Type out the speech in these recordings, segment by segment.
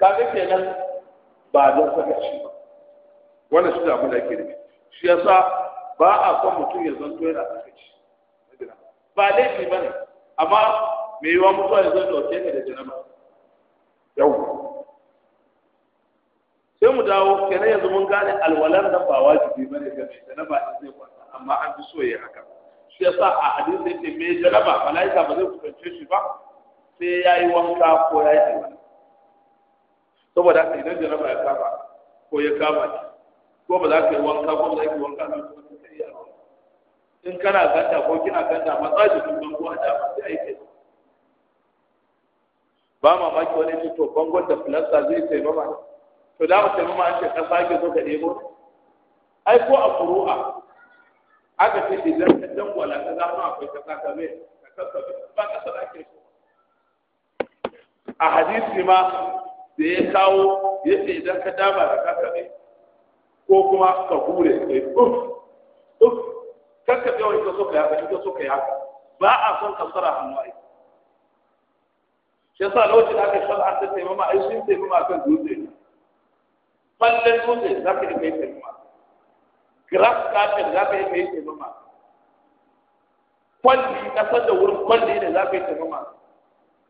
kaga kenan ba don saka shi ba wannan shi da abin da yake da shi yasa ba a son mutum ya zanto yana shi ba laifi ba ne amma mai yiwa mutuwa ya zanto ke ka da jinama yau sai mu dawo kenan yanzu mun gane alwalan da ba wajibi ba ne ga mai janaba in zai kwanta amma an fi so ya haka shi yasa a hadisi yake mai jinama mala'ika ba zai kusance shi ba sai ya yi wanka ko ya yi alwala saboda haka idan jaraba ya kama ko ya kama ki ko ba za ka yi wanka ko ba za ka yi wanka ko ba za ka yi in kana ganta ko kina ganta matsa jikin bango a dama sai aike ba mamaki wani ce to bangon da filasta zai taimama to da mu taimama an ce kasa ake so ka ɗebo ai ko a furu'a aka ce idan ka wala ka zama akwai kasa ka mai ka kasa ba ka da ake so a hadisi ma da ya kawo ya ce idan ka dama da kaka ne ko kuma ka hure ka yi uf uf kanka bai wani kaso so ka yaka, haka ka so ka yaka ba a son ka tsara hannu ai shi yasa lokacin da aka shar an ta taimama ai sun taimama kan dutse ne fallen dutse za ka yi kai taimama grass carpet za ka yi kai taimama kwalli kasar da wurin kwalli ne za ka yi taimama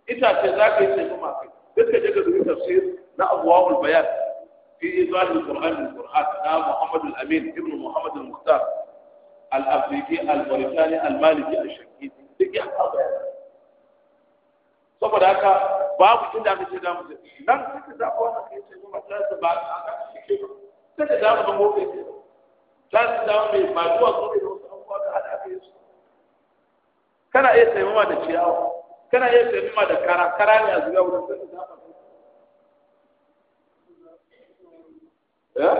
itace za ka yi taimama kai duka je ka dubi na abwaabul bayan fi izah al-qur'an saboda haka babu aka ce mu nan da kai kuma ba shi ke ba da mu da mu ba da wasu abubuwa da yi su kana iya taimama da ciyawa kana iya nima da kara kara ne a zuwa wurin sai Ya?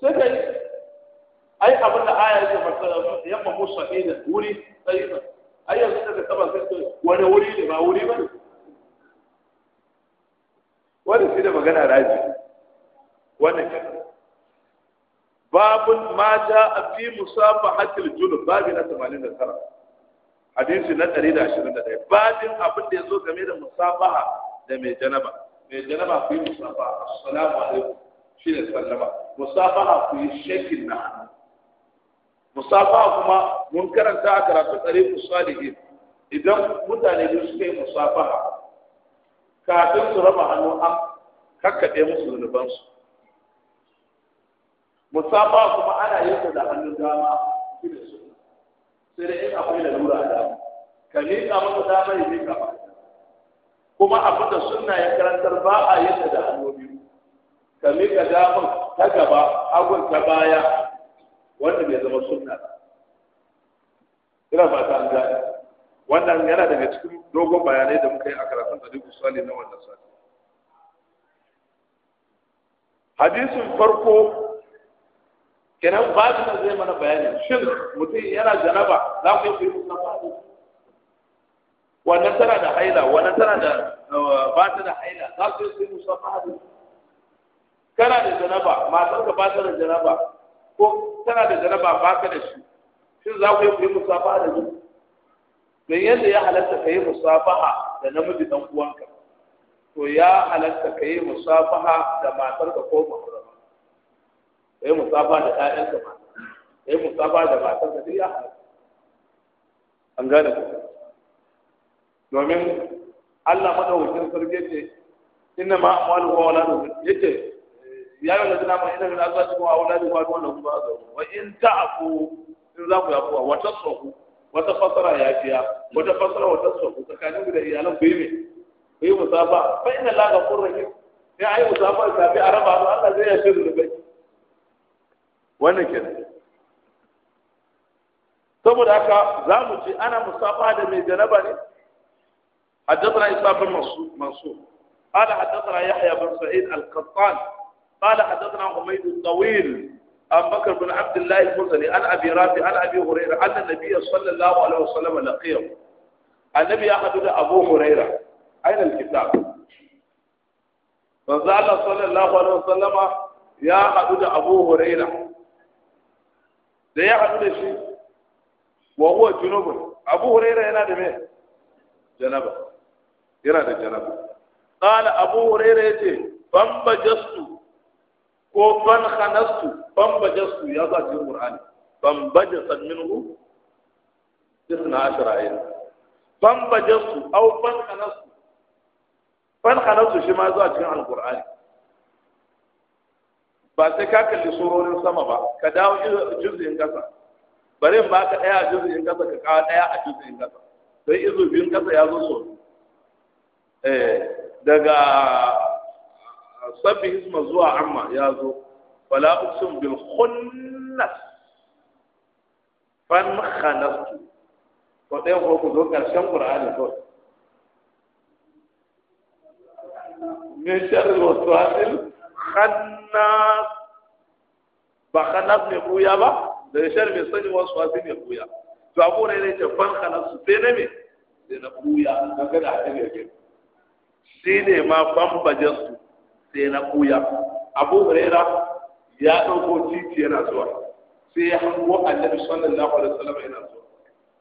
sai ka yi ai abin da aya yake ya yamma musa ne da wuri sai ka ai yanzu daga saba sai ka wani wuri ne ba wuri ba ne sai da magana raji wannan kenan babun ma ja'a fi musafahatil junub babin 89 hadisi na 121 bajin abin da ya zo game da musafaha da mai janaba mai janaba ku yi A assalamu alaikum shi ne sallama musafaha ku yi shekin na hannu musafaha kuma mun karanta a karatu ɗari salihin idan mutane biyu suka yi musafaha kafin su raba hannu an kakkaɗe musu zunubansu musafaha kuma ana yin da hannun dama shi ne su sai dai in akwai lalura da ka miƙa masa dama ya miƙa ba kuma abin da sunna ya karantar ba a yadda da hannu biyu ka miƙa damar ta gaba hagun ta baya wanda bai zama sunna ba ina fata an gane wannan yana daga cikin dogon bayanai da muka yi a karatun da duk na wannan Sani. hadisin farko kenan su da zai mana bayani shin mutum yana janaba za ku yi ku yi musamman wannan tana da haila wannan tana da uh, ba ta da haila za ku yi ku yi musamman kana da janaba matar ka ba ta da janaba ko tana da janaba ba ka da shi shin za ku yi ku yi musamman da shi don yadda ya halatta ka yi musafaha da namiji dan uwanka to ya halatta ka yi musafaha da matar ka ko mahura kai musafa da ƴaƴanka ma kai musafa da matarka duk ya an gane ku domin Allah ma madaukakin sarki ce inna ma amwalu wa auladu yace ya yi wanda zina ina min azwa cikin wani wa wanda kuma azwa wa in ta ta'fu in za ku yafuwa Wata tsohu wata fasara ya fiya wata fasara wata tsohu tsakanin da iyalan ku yi me ku yi musafa fa ina la ghafurur rahim sai ayi musafa kafin a raba Allah zai yashe rubai wannan kenan saboda haka za mu ce ana musafa da mai janaba ne حدثنا إسحاق بن منصور قال حدثنا يحيى بن سعيد القطان قال حدثنا حميد الطويل عن بكر بن عبد الله المزني عن أبي رافع عن أبي هريرة أن النبي صلى الله عليه وسلم لقيه النبي أخذ أبو هريرة أين الكتاب فقال صلى الله عليه وسلم يا أخذ أبو هريرة da ya haɗu da shi wa huwa junubun abu huraira yana da me janaba yana da janaba qala abu huraira yace ban bajastu ko ban khanastu ban bajastu ya za cikin qur'ani ban bajasa minhu isna ashara ayat ban bajastu aw ban khanastu ban khanastu shi ma zuwa cikin alqur'ani ba sai ka kalli surorin sama ba ka dawo juz'in kasa bari ba ka daya a juz'in kasa ka kawo daya a juz'in kasa sai izu biyun kasa ya zo so eh daga ah, sabbi isma zuwa amma ya zo wala uqsim bil khunnas fan khanastu ko dai ko ku zo karshen qur'ani to min sharri waswasil khannas ba khannas mai buya ba daga shar mai sani wasu wasu mai buya to abu ne ne ce fan khannas su sai na me sai na buya gada a kan yake shi ne ma bambajen su sai na buya abu huraira ya ɗauko titi yana zuwa sai ya hango annabi sallallahu alaihi wasallam yana zuwa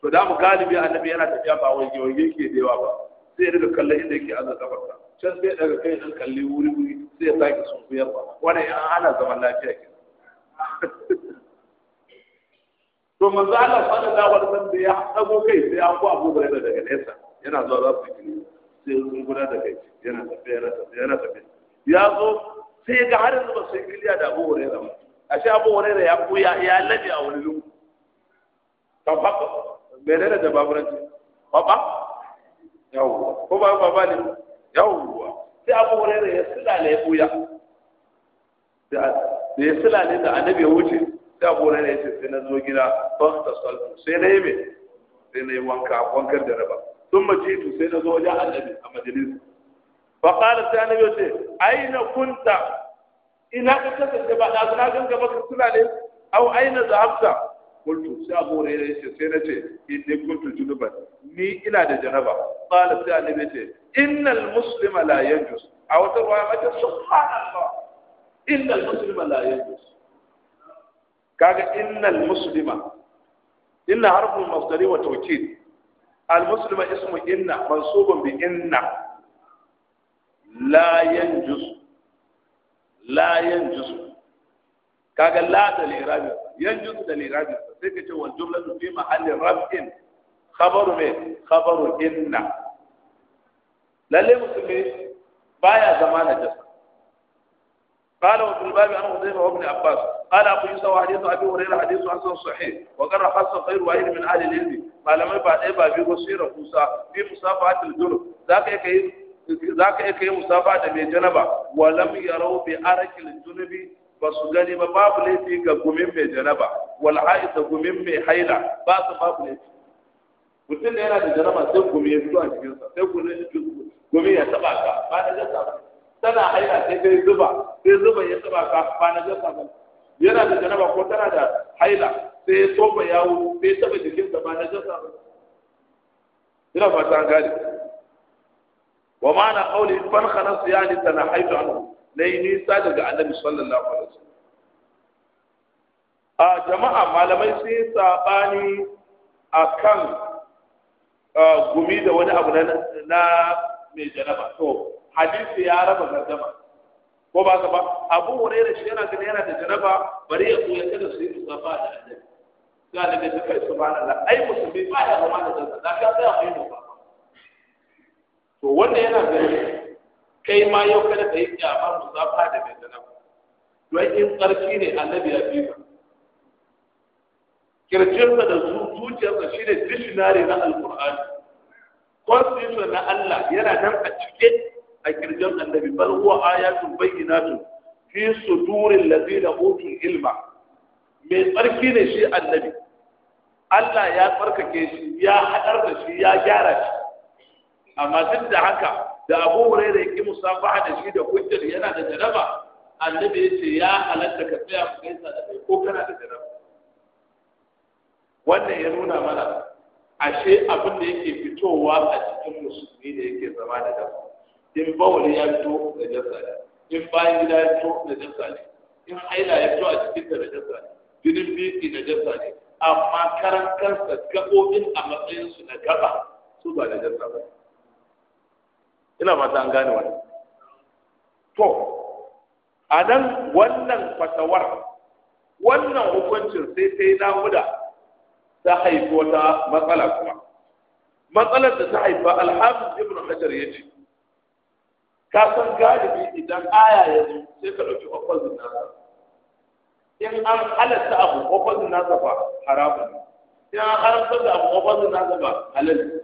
to da mu galibi annabi yana tafiya ba wai wai yake da yawa ba sai ya riga kallon inda yake azza kafarsa can zai daga kai ɗan kalli wuri wuri zai sake sun kuyar ba wani ya hana zaman lafiya ke to manzo Allah sallallahu alaihi wasallam da ya dago kai sai an ku Abu da daga nesa yana zuwa za su kiri sai sun guda da kai yana tafiya yana tafiya yana tafiya ya zo sai ga har yanzu ba sai kiliya da Abu Hurairah ba ashe Abu Hurairah ya kuya ya lafiya a wani lungu kan haka menene da baburanci baba yawo ko ba ba ne abu hurairah ya sulale ya buya da ya sila ne da annabi ya wuce da abu hurairah ya ce sai na zo gida ba ta sallu sai na yi me sai na yi wanka wankar da raba sun mace tu sai na zo wajen annabi a majalis. fa qala sai annabi ya ce aina kunta ina ka kasance ba da na ganka ba ka sulale au aina zahabta kultu sai abu hurairah yace sai na ce inni kuntu junuban ni ina da janaba qala sai annabi yace innal muslima la yanjus a wata ruwaya mace subhanallah innal muslima la yanjus kaga innal muslima inna harful masdari wa tawkid al muslima ismu inna mansubun bi inna la yanjus la yanjus kaga la da lirabi yanjus da lirabi sai ka wal jumlatu fi mahalli rafin khabaru me khabaru inna lalle musulmi baya zama na قال وفي الباب عن حذيفه وابن عباس قال ابو يوسف وحديث ابي هريره حديث حسن صحيح وقال خاص غير واحد من اهل العلم malamai ba ɗaya ba biyu ba sai rahusa bi musafahatul junub zaka yake yi zaka yake yi musafa da mai janaba wa lam yarau ba su gani ba babu laifi ga gumin mai janaba wal haisa gumin mai haila ba su babu laifi mutum da yana da janaba sai gumi ya fito a cikinsa sai gumi ya taba ka ba na jasa ba tana haila sai kai zuba sai zuba ya taba ka ba na jasa ba yana da janaba ko tana da haila sai ya tofa yawo sai taba jikinsa ba na jasa ba ina fata an gane wa ma'ana qawli fan khalas yani tanahaitu anhu na yi nisa daga annabi sallallahu alaihi wasallam a jama'a malamai sun yi sabani akan gumi da wani abu na mai janaba to hadisi ya raba gardama ko ba ka ba abu da shi yana gani yana da janaba bari ya zo ya kada su yi musafa da annabi ga da da kai subhanallah ai musulmi ba ya zama da zanzan da ka tsaya mai ba to wannan yana gani kai ma yau kada ka yi kyamar musafa da mai sana'a don in tsarki ne annabi ya fi kirjinsa da zuciyarsa shi ne dictionary na alkur'ani constitution na Allah yana nan a cike a kirjin annabi bal huwa ayatun bayyinatun fi sudurin da utul ilma mai tsarki ne shi annabi Allah ya tsarkake shi ya hadar da shi ya gyara shi amma duk da haka da abu da yake musafaha da shi da hujjar yana da jaraba annabi ya ce ya halatta ka tsaya ku gaisa da kai ko kana da jaraba? wannan ya nuna mana ashe abin da yake fitowa a cikin musulmi da yake zama da dafa in bawali ya fito da jasa ne in bayan gida ya fito da jasa ne in haila ya fito a cikin da jasa ne jinin biki da jasa ne amma karan kansa gaɓoɓin a matsayinsu na gaba su ba da jasa ba ina mata an gane wannan to a nan wannan fatawar wannan hukuncin sai ta yi muda ta haifi wata matsala kuma matsalar da ta haifa alhamis ibn hajar ya ce ka san galibi idan aya ya zo sai ka ɗauki opposite nasa in an halatta abu opposite nasa ba haramun in an haramta da abu opposite nasa ba halal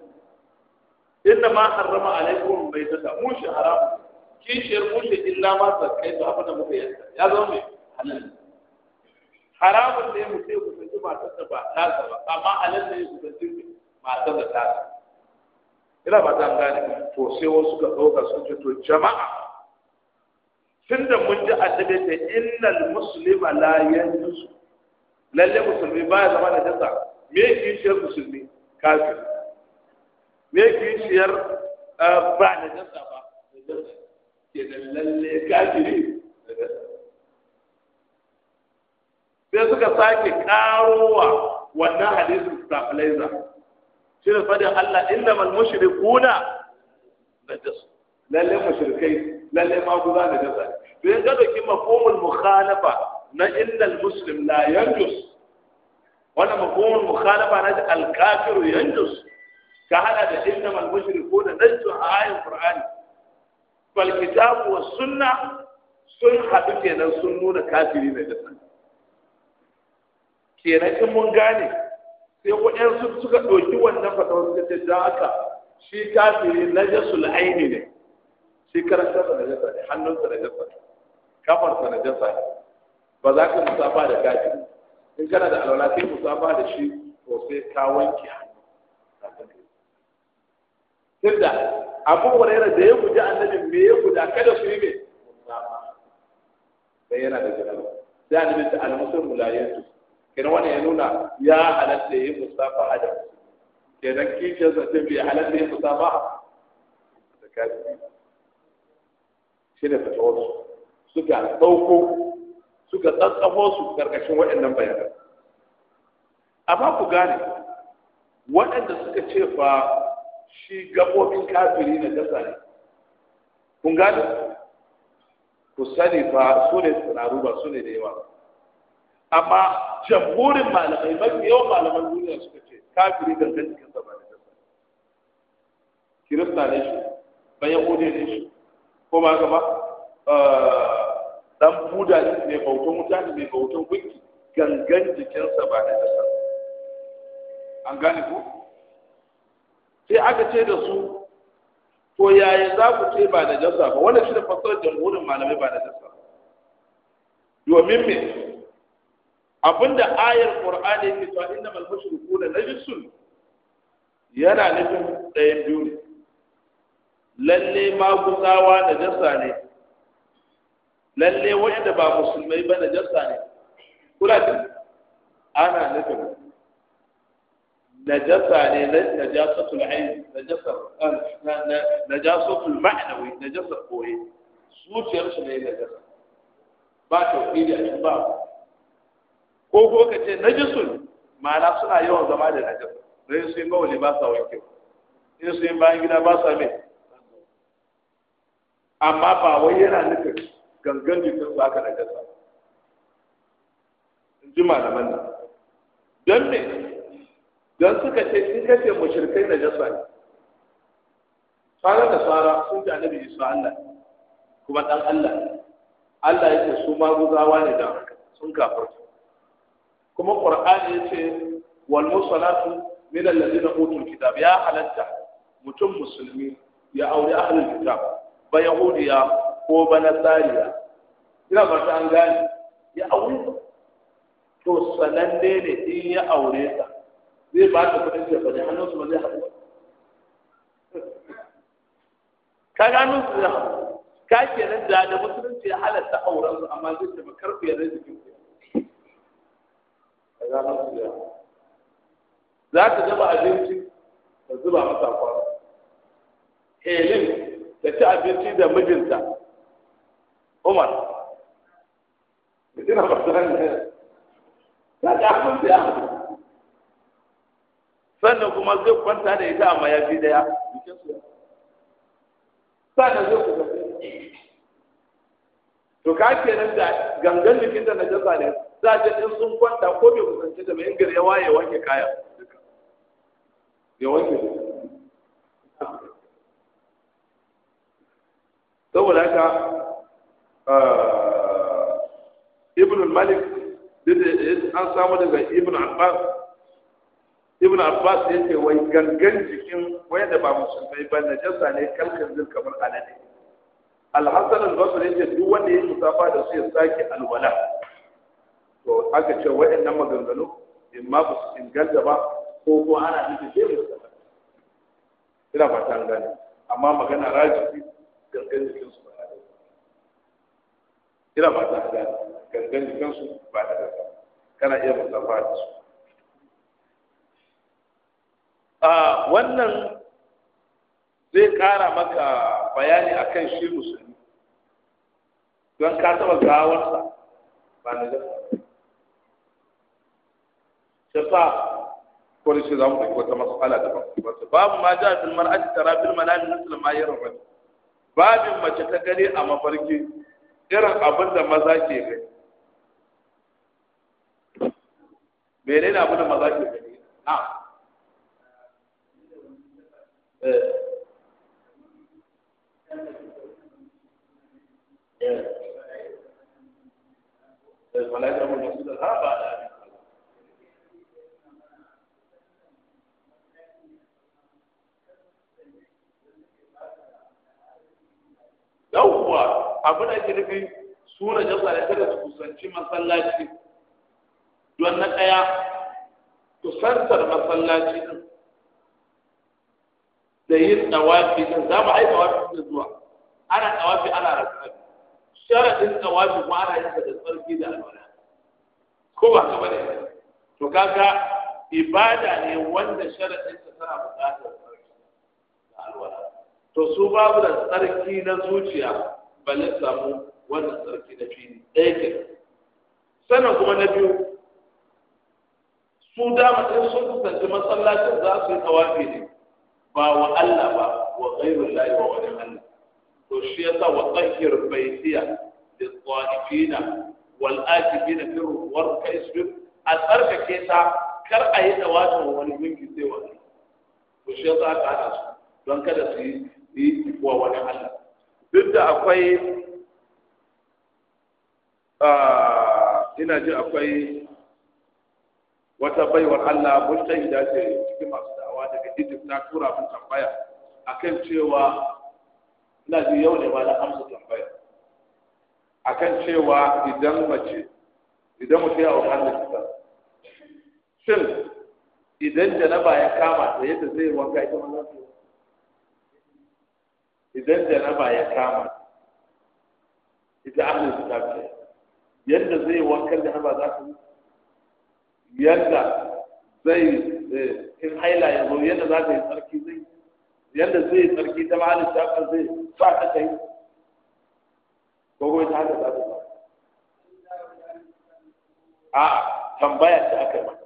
inna ma harrama alaikum baitata mushi haram kishiyar mushi illa ma kai to abin da muka yanka ya zo mai halal haramun ne mu sai kusanci ba ta ba ta ba amma halal ne kusanci matar da tasa ina ba ta gane to sai wasu ka dauka sun ce to jama'a tunda mun ji addabe ta innal muslima la yanzu lalle musulmi baya zama da jasa me shi musulmi kafir me kishiyar ba da jasa ba da jasa ke da lalle kafiri da jasa sai suka sake karowa wannan hadisin stabilizer shi ne fadin Allah innamal mushrikuna najas lalle mushrikai lalle ma guza najasa to in ga doki mafhumul mukhalafa na innal muslim la yanjus wannan mafhumul mukhalafa na al kafir yanjus ka hada da innamal mushriku da nasu a ayin qur'ani bal kitabu was sunna sun haɗu kenan sun nuna kafiri ne da san kenan in mun gane sai waɗansu suka ɗauki wannan fatawar suka ce don haka shi kafiri najasul aini ne shi karanta da jasa ne hannunsa da jasa ne kafarsa da jasa ne ba za ka musafa da kafiri in kana da alwala sai musafa da shi to sai ka wanke hannu tunda abu yana da ya guji annabi me ya guda kada su yi me bai yana da jirgin sai annabi ta mulayen su kenan wani ya nuna ya halatta yi musafa a da kenan kishiyar sa ta bai halatta yi musafa da kashi shi ne fatawarsu suka ɗauko suka tsatsafo su ƙarƙashin waɗannan bayanan amma ku gane waɗanda suka ce fa shi gabobin kafiri na dasa ne kun gane ku sani ba su ne tsiraru ba su ne da yawa amma jamhurin malamai mafi yawan malaman duniya suka ce kafiri gangan jikin cikin ba da dasa kirista ne shi bayan hude ne shi ko ba gaba dan buda ne mai bautan wuta ne mai bautan gunki gangan jikinsa ba da dasa an gane ku. sai aka ce da su to yaya za ku ce ba da jasa ba wannan shi da fasarar jamhurin malamai ba da jasa domin me abinda ayar qur'ani ke cewa inna mal mushrikuna najisun yana nufin ɗayan biyu ne lalle kusawa da jasa ne lalle wanda ba musulmai ba da jasa ne kula ana nufin najasa ne na najasatul ayn najasar ah, najasatul ma'nawi najasar koyi zuciyar su ne najasa ba tauhidi a cikin ba ko ko ka ce najisun ma'ana suna yawan zama da najasa dai sun bawali ba sa wanke in sun bayan gida ba sa mai amma ba wai yana nufin gangan jikin ji malaman nan don suka ce in kace mushrikai na jasa ne fara da fara sun ji annabi isa Allah kuma dan Allah Allah yake su maguzawa ne da sun kafarta kuma qur'ani yace wal musalatu min alladhina utul kitab ya halatta mutum musulmi ya aure ahlul kitab ba yahudiya ko ba nasariya ina ba ta an gane ya aure to sananne ne in ya aure ta zai ba ta kudin da bane hannun su ba zai haɗu ka gano su ya ka ke nan da da musulunci ya auren su amma zai tafi karku ya rage jikin ka gano su ya za ka dafa abinci ka zuba masa kwana helin da ci abinci da mijinta umar da ina ba su hannu ya ta da sannan kuma zai kwanta da ita a mayafi daya sannan zai kusa to ka nan da gangan jikin da jasa ne za a in sun kwanta ko bai kusanci da mai ingar ya wanke kaya ya wanke saboda ka ah, ibn malik an samu daga ibn abbas ibn abbas ya ce wai gangan jikin wai da ba musulmai ba na jasa ne kalkan zin kamar alade alhassan al-basri ya ce duk wanda ya musafa da su ya sake alwala to aka ce waɗannan maganganu in ma ba su inganta ba ko ko ana nufin shi ne ina ba ta gane amma magana rajibi gangan jikin su ba da ina ba ta gane gangan jikin su ba da kana iya musafa da su wannan zai kara maka bayani akan shi musulmi don ka taba gawarsa ba na da shafa ko da shi za mu ɗauki wata matsala da wasu babu ma ja fil mar'ati tara fil manami misal ma yaran wani babin mace ta gani a mafarki irin abin da maza ke gani menene abin da maza ke gani malaikan mutum suka saba suna abin da ke nufi sura jalla da kada su kusanci masallaci don na ɗaya kusantar masallaci din da yin tawafi din za mu ai tawafi da zuwa ana tawafi ana rakabi sharadin tawafi ma ana yin da tsarki da alwala ko ba ka bane to kaga ibada ne wanda sharadin ta tana buƙatar tsarki da alwala to su babu da tsarki na zuciya balle samu wannan tsarki na fili ɗaya ke sannan kuma na biyu su dama in sun kusanci masallacin za su yi tawafi ne ba wa Allah ba wa ghayrul lahi wa wani Allah to shi yasa wa tahhir baitiya lil qanifina wal akifina fi ruwar kaisbir a tsarkake ta kar a yi da wata wani gungi sai wani to shi yasa aka hada su don kada su yi wa wani Allah duk da akwai ah, ina ji akwai wata baiwar Allah yi dace cikin masu da'awa daga Egypt na tura mun tambaya akan cewa ina ji yau ne ma na amsa tambaya akan cewa idan mace idan mutum ya auka halitta shin idan janaba ya kama ta yadda zai wanka ita ma za ta idan janaba ya kama ita ahlul kitab yadda zai na ba za ta yi yadda zai eh, in haila ya zo yadda za ta yi tsarki zai yadda zai yi tsarki ta mahalin shafa zai sa ta ta yi ko ta haka za ta ba a tambaya ta aka yi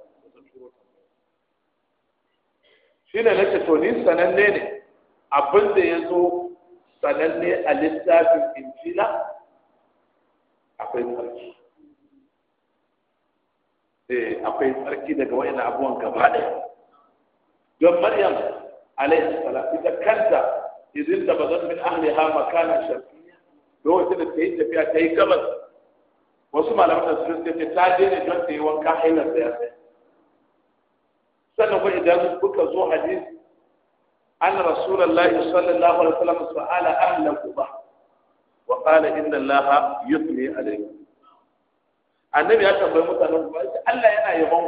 shi ne nake to ni sananne ne abin da ya zo sananne a littafin injila akwai tsarki Eh, akwai tsarki daga wayannan abubuwan gaba ɗaya don maryam alaihi salam ita kanta izin da bazan min ahliha makana sharqiyya lokacin da ta yi tafiya ta yi gabas wasu malamai da sun ce ta je ne don ta yi wanka hainar da ya sai sannan kuma idan kuka zo hadis an rasulullahi sallallahu alaihi wasallam sa'ala ahla quba wa qala inna allaha yuthni alaykum annabi ya tambayi mutanen ba shi Allah yana yabon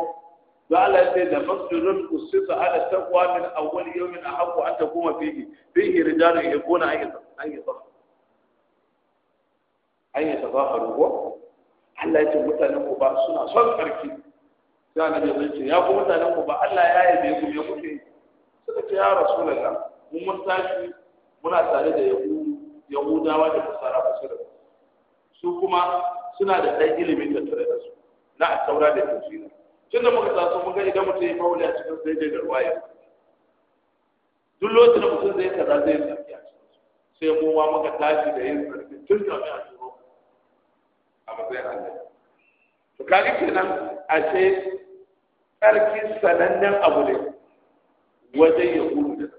don Allah sai da masjidun usita ala taqwa min awwal yawmin ahqqu an takuma fihi fihi rijalun yakuna an yatafa an yatafaharu ko Allah ya ce mutanen ku ba suna son karki sai annabi ya ce ya ku mutanen ku ba Allah ya yabe ku me kuke suka ce ya rasulullah mun mun tashi muna tare da yahudawa da nasara kusa da su kuma suna da ɗan ilimi tattare da su na a saura da tafsiri tun da muka taso mun ga idan mutum ya faule a cikin sai dai da ruwaya duk lokacin da mutum zai kaza zai sarki a cikin sai mu ma muka tashi da yin sarki tun da mai a turo a matsayin Allah to kaga kenan ce sarki sanannen abu ne wajen ya gudu da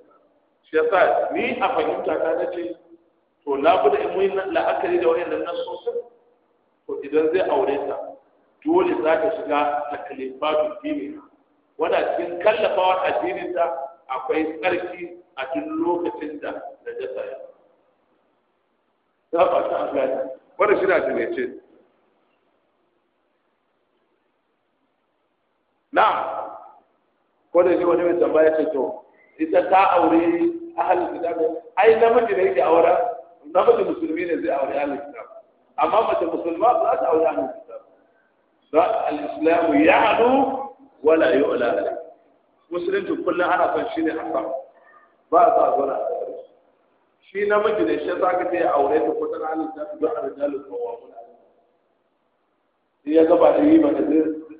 shi yasa ni a fahimta ta ce, to labuda in mun la'akari da na sosai ko idan zai aure ta dole za ta shiga takalifatu dini wanda cikin kallafawa addinin ta akwai tsarki a duk lokacin da da jasa ya za fata ta gani wanda shi na ce. na ko da shi wani mai tambaya ce to ita ta aure ahalin kitab ai namiji ne yake aure namiji musulmi ne zai aure ahalin kitab amma mace musulma ba ta aure ahlul kitab ba al-islam ya'lu wala yu'la alayhi musulunci kullum ana son shi ne hasan ba a sa zuwa shi namiji ne shi zaka ta yi aure ta ko tana halin ta zuwa a rijalu ko wa mun in ya gaba da yi ba da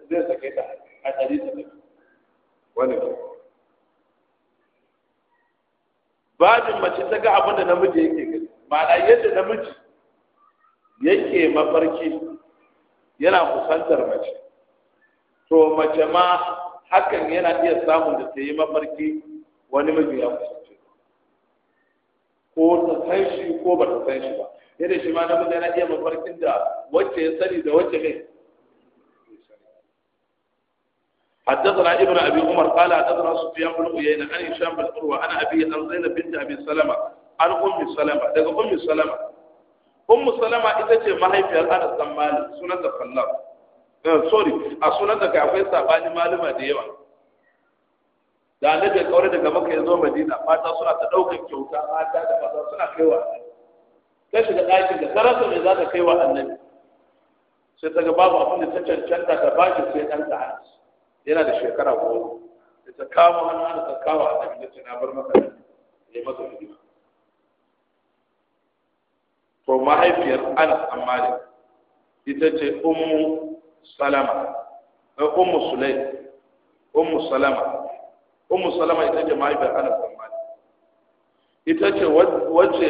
zai sake ta a ɗari ta ne wani ba bajin mace ta ga abin da namiji yake gani ma'ana yadda namiji yake mafarki yana kusantar mace to mace ma hakan yana iya samun da ta yi mafarki wani mafi ya kusance ko ta san shi ko ba ta san shi ba yadda shi ma namiji yana iya mafarkin da wacce ya sani da wacce ne حدثنا ابن ابي عمر قال حدثنا سفيان بن عيينه عن هشام بن عروه عن ابي عن زينب بنت ابي سلمه عن ام سلمه daga ام سلمه ummu salama ita ce mahaifiyar anas dan malik sunan da fallaf eh, sorry a sunan da akwai sabani maluma da yawa da annabi ya kaure daga maka ya zo madina mata suna ta daukar kyauta mata da maza suna kaiwa kai shiga ɗakin da karasa mai za ta kaiwa annabi sai ta ga babu abin da ta cancanta ta baki sai ɗan ta yana da shekara goma da ta kawo hannu da ta kawo annabi da ta na bar maka ne masa hidima ko mahaifiyar anas an ita ce ummu salama eh, ummu sulai ummu salama ummu salama ita ce mahaifiyar anas an ita ce wacce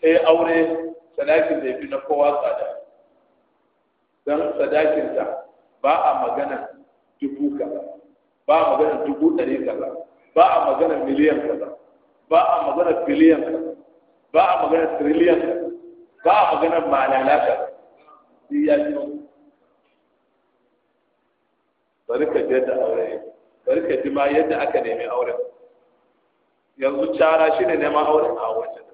ta yi aure sadakin da ya fi na kowa tsada don sadakinta ba a magana dubu kaza ba a magana dubu ɗari kaza ba a magana miliyan kaza ba a magana biliyan kaza ba a magana triliyan kaza ba a maganar malalata shi ya ji bari ka ji yadda aure bari ka ji ma yadda aka nemi auren yanzu cara shi ne neman auren a wancan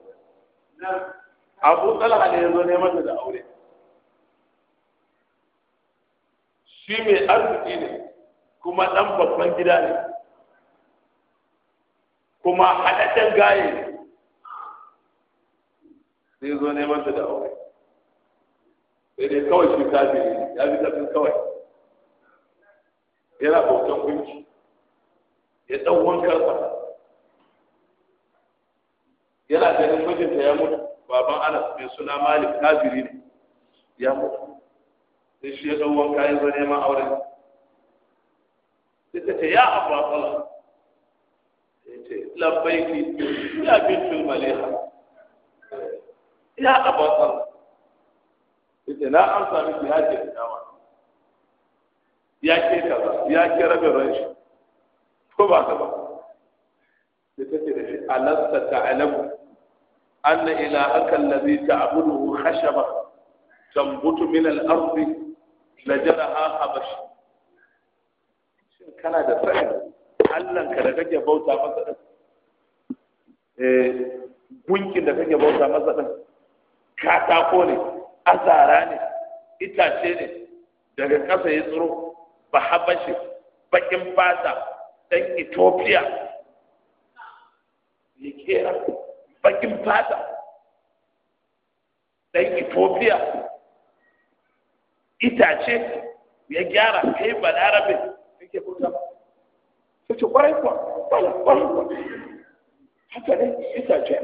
abu talha ne yanzu neman da aure shi mai arziki ne kuma ɗan babban gida ne kuma haɗaɗɗen gaye ne sai zo neman ta da aure sai dai kawai shi kafiri ya bi kafin kawai yana bautan gunki ya ɗan wankan sa yana ganin mijinta ya mutu baban anas mai suna malik kafiri ne ya mutu sai shi ya ɗan wanka ya zo neman auren sai ta ce ya abu a ya ce labbaiki ya bin tulmaliha iya abin sallah ita na an sami ki ya ke dama ya ke kaza ya ke rabe ran shi ko ba ta ba sai take da shi alasta ta'lamu anna ilahaka allazi ta'buduhu khashaba tambutu min al-ardi lajaraha habashi shin kana da sani Allahn ka da kake bauta masa din eh gunkin da kake bauta masa din katako ne azara ne itace ne daga ƙasa ya tsoro. ba habashi bakin fata dan ethiopia ya kera bakin fata dan ethiopia itace ya gyara kai balarabe yake kuta ta ce kwarai kwa kwarai kwa haka ne itace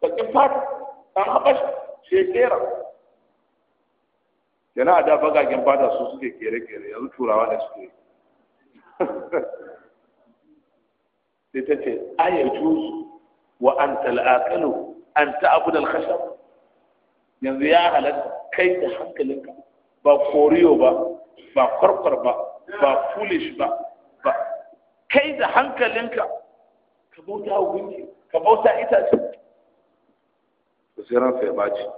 bakin fata an habasha shi kera yana da bagagen fata su suke kere-kere yanzu turawa da suke sai ta ce aya cusu wa an tal'aqalu an abu da khashab yanzu ya halatta kai da hankalinka ba koriyo ba ba kwarkwar ba ba foolish ba ba kai da hankalinka ka bauta gunki ka bauta itace to sai ba ya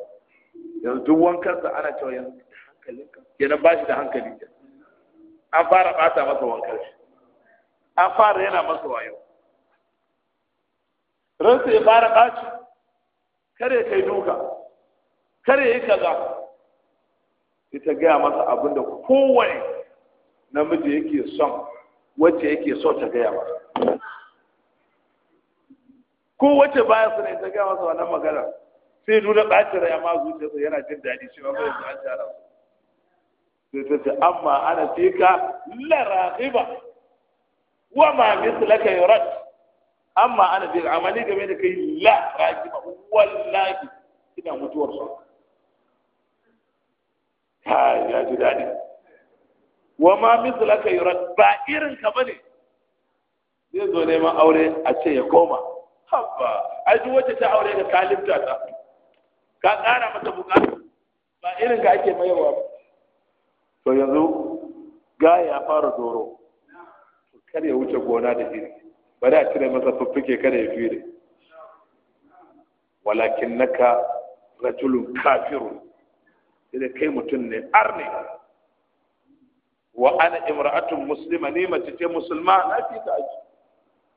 yanzu duk wankansa ana cewa yanzu da hankalinka ba shi da hankali an fara bata masa wankan shi an fara yana masa wayo ransa ya fara ɓaci kare kai duka kare yi kaza ita gaya masa abin da kowane namiji yake son wacce yake so ta gaya masa ko wacce baya su ne ta gaya masa wannan magana sai nuna ɓacin rai amma zuciyarsa yana jin daɗi shi ma bai an tara sai ta ce amma ana fi ka laraqiba wa ma yi yurat amma ana fi amali game da kai laraqiba wallahi ina mutuwar sa ta ya ji daɗi wa ma yi yurat ba irin ka bane zai zo neman aure a ce ya koma Haba, ai duk wacce ta aure da kalibta ta ka ƙara mata buƙatu ba irin ka ake mayarwa ba to yanzu gaya ya fara doro kar ya wuce gona da iri bari a cire masa fuffuke kada ya fire walakin naka rajulun kafiru. sai kai mutum ne arne wa ana imra'atun muslima ne mace ce musulma na fi ta aiki.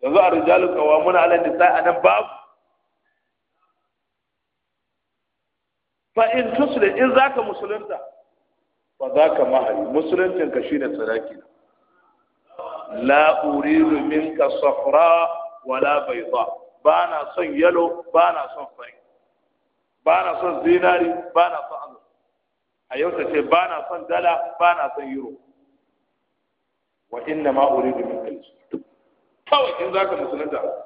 yanzu a rijalu kawamuna ala nisa nan babu fa in tusli in zaka musulunta fa zaka mahari musuluncin ka shine sadaki la uridu minka safra wala bayda ba na son yalo ba na son fari ba na son zinari ba na son azur a yau ta ce ba na son dala ba na son euro wa inna ma uridu minka kawai in zaka musulunta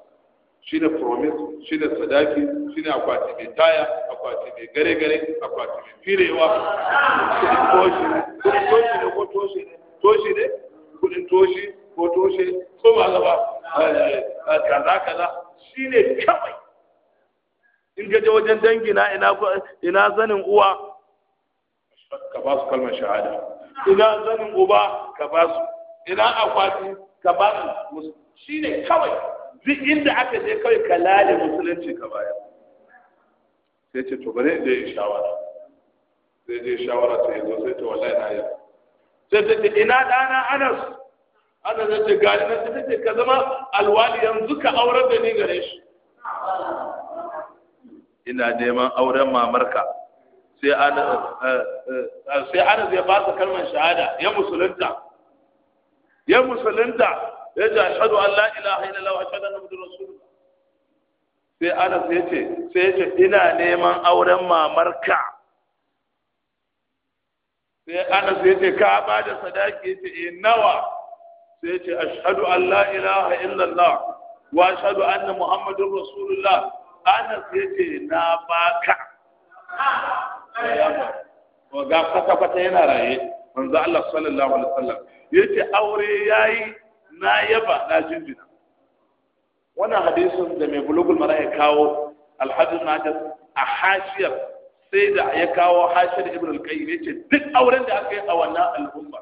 shine promise shine sadaki shine akwati mai taya akwati mai gare gare akwati mai firewa kudin toshi toshi ne ko toshi ne toshi ne kudin toshi ko toshi ko ba gaba eh, eh, kaza kaza shine kawai in ka je wajen dangi na ina ina zanin uwa ka ba su kalmar shahada ina zanin uba ka ba su ina akwati ka ba su shine kawai duk inda aka je kawai ka musulunci ka baya sai ce to bari da yi shawara sai je shawara ta yanzu sai ta wallahi na yi sai ta ce ina ɗana anas Ana zai ce gani na ta ce ka zama alwali yanzu ka aure da ni gare shi ina neman auren mamarka sai anas eh, eh, eh, ya ba su kalmar shahada ya musulunta ya musulunta Yace ce ashadu an la ilaha illallah wa ashadu anna muhammadar rasulullah sai anas ya ce sai yace ina neman auren mamarka sai anas ya ce ka ba da sadaki yace e eh, nawa sai yace ce ashadu an la ilaha illallah wa ashadu anna muhammadar rasulullah anas ya ce na baka ga kwata-kwata yana raye manzo Allah sallallahu alaihi wasallam yace aure yayi na yaba na jinjina wannan hadisin da mai bulugul mara ya kawo alhajin najas a hashiyar sai da ya kawo hashiyar ibn al ne ce duk auren da aka yi a wannan al'umma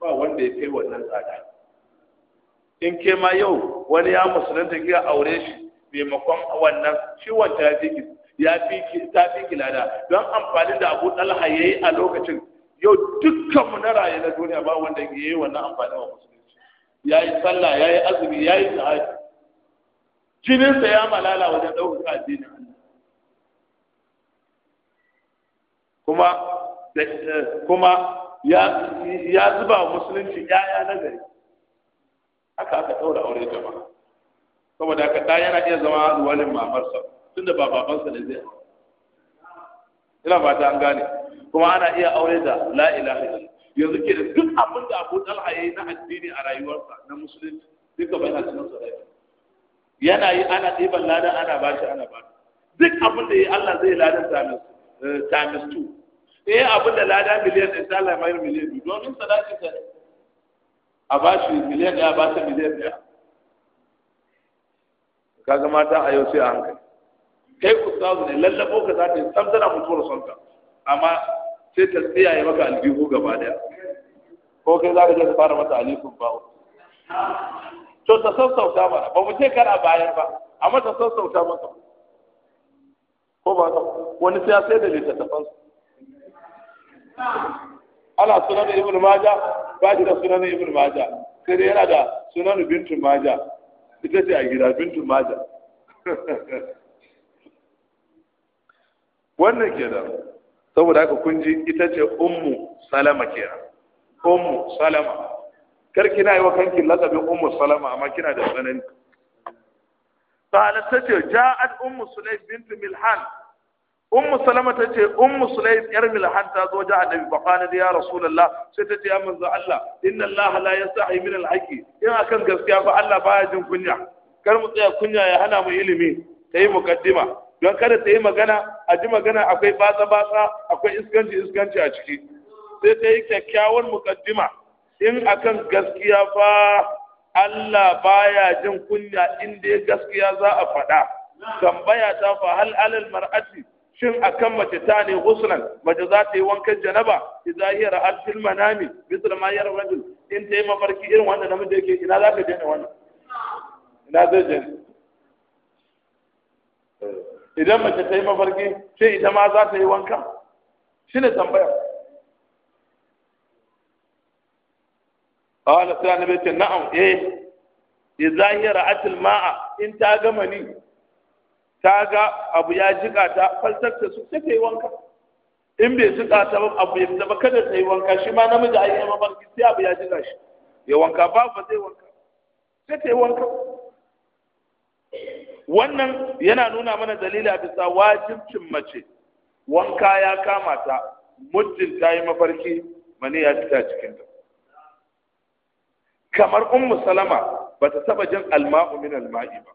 ba wanda ya kai wannan tsada in ke ma yau wani ya musulunta kika aure shi maimakon wannan ciwon wanda ya fi ta fi kilada don amfanin da abu ya yi a lokacin yau dukkanmu na raye na duniya ba wanda ya yi wannan amfanin wa musulun ya yi sallah ya yi azumi ya yi jihadi jininsa ya malala wajen ɗaukaka addinin Allah kuma eh, kuma ya zuba wa musulunci yaya na gari haka aka ɗaura aure jama'a saboda haka ɗaya yana iya zama walin mamarsa tunda ba babansa ne zai ina ba ta an gane kuma ana iya aure da la ilaha yanzu ke da duk abin da abu talha ya yi na addini a rayuwarsa na musulunci duka bai na cikin sadaka yana yi ana ɗiban lada ana ba shi ana ba shi duk abin da ya Allah zai lada times 2 tu eh abin da lada miliyan ɗin ta lamar miliyan biyu domin sadaki ta a ba shi miliyan ɗaya ba ta miliyan ɗaya kaga mata a yau sai a hankali kai ustazu ne lallabo ka za ta yi tsamtana mutuwar sonka amma sai ta ya maka albihu gaba daya ko kai za ka je ka fara mata alifin bawo to ta sassauta mana ba mu ce kar a bayar ba amma ta sassauta masa. ko ba ta wani sai ya sai da littattafan ana sunan ibn maja ba shi da sunan ibn maja sai dai yana da sunan bintu maja ita ce a gida bintu maja wannan kenan saboda haka kun ji ita ce ummu salama kenan ummu salama kar kina yiwa wa kanki ummu salama amma kina da tsanani qalat tace ja'at ummu sulayf bint milhan ummu salama tace ummu sulayf yar milhan ta zo ja a ba qala ya rasulullah sai tace ya manzo allah inna allah la yastahi min alhaqi in akan gaskiya fa allah baya jin kunya kar mu tsaya kunya ya hana mu ilimi kai mukaddima don kada ta yi magana a ji magana akwai batsa batsa akwai iskanci iskanci a ciki sai ta yi kyakkyawan mukaddima in akan gaskiya fa Allah baya jin kunya inda ya gaskiya za a faɗa tambaya ta fa hal alal mar'ati shin akan mace ta ne husnan mace za ta yi wankan janaba idan hiya ra'at fil manami misal ma yar rajul in ta yi mafarki irin wanda namiji yake ina za ka daina wannan ina zai je eh. idan mace ta yi mafarki sai ita ma za ta yi wanka shi ne tambaya wani sirani bai ce na'am eh ya hiya ra'at maa in ta gama ni ta ga abu ya jika ta ta su yi wanka in bai jika ta ba abu ya zama kada ta yi wanka shi ma namiji a yi mafarki sai abu ya jika shi ya wanka ba ba zai wanka sai ta yi wanka wannan yana nuna mana dalili a bisa wajibcin mace wanka ya kama ta muddin ta yi mafarki mani ya fita cikinta kamar ummu salama ba ta taba jin alma'u min alma'i ba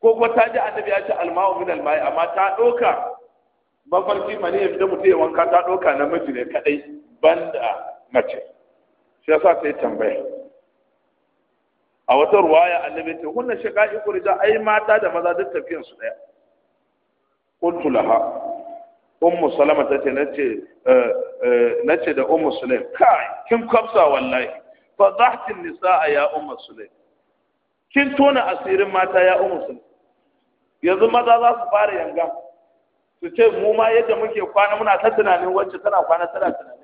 ko kuma ta ji annabi ya ce alma'u min alma'i amma ta ɗauka mafarki mani ya fita mutum ya wanka ta ɗauka namiji ne kaɗai banda mace shi yasa sai tambaya a wata ruwaya annabi ce kunna shaqa'iqu rijal ai mata da maza duk tafiyan su daya qultu laha ummu salama tace nace eh, eh, nace da ummu sulaim kai kin kafsa wallahi fa zahti nisaa ya ummu sulaim kin tona asirin mata ya ummu sulaim yanzu maza za su fara yanga su ce mu ma yadda muke kwana muna ta tunanin wacce tana kwana tana tunanin.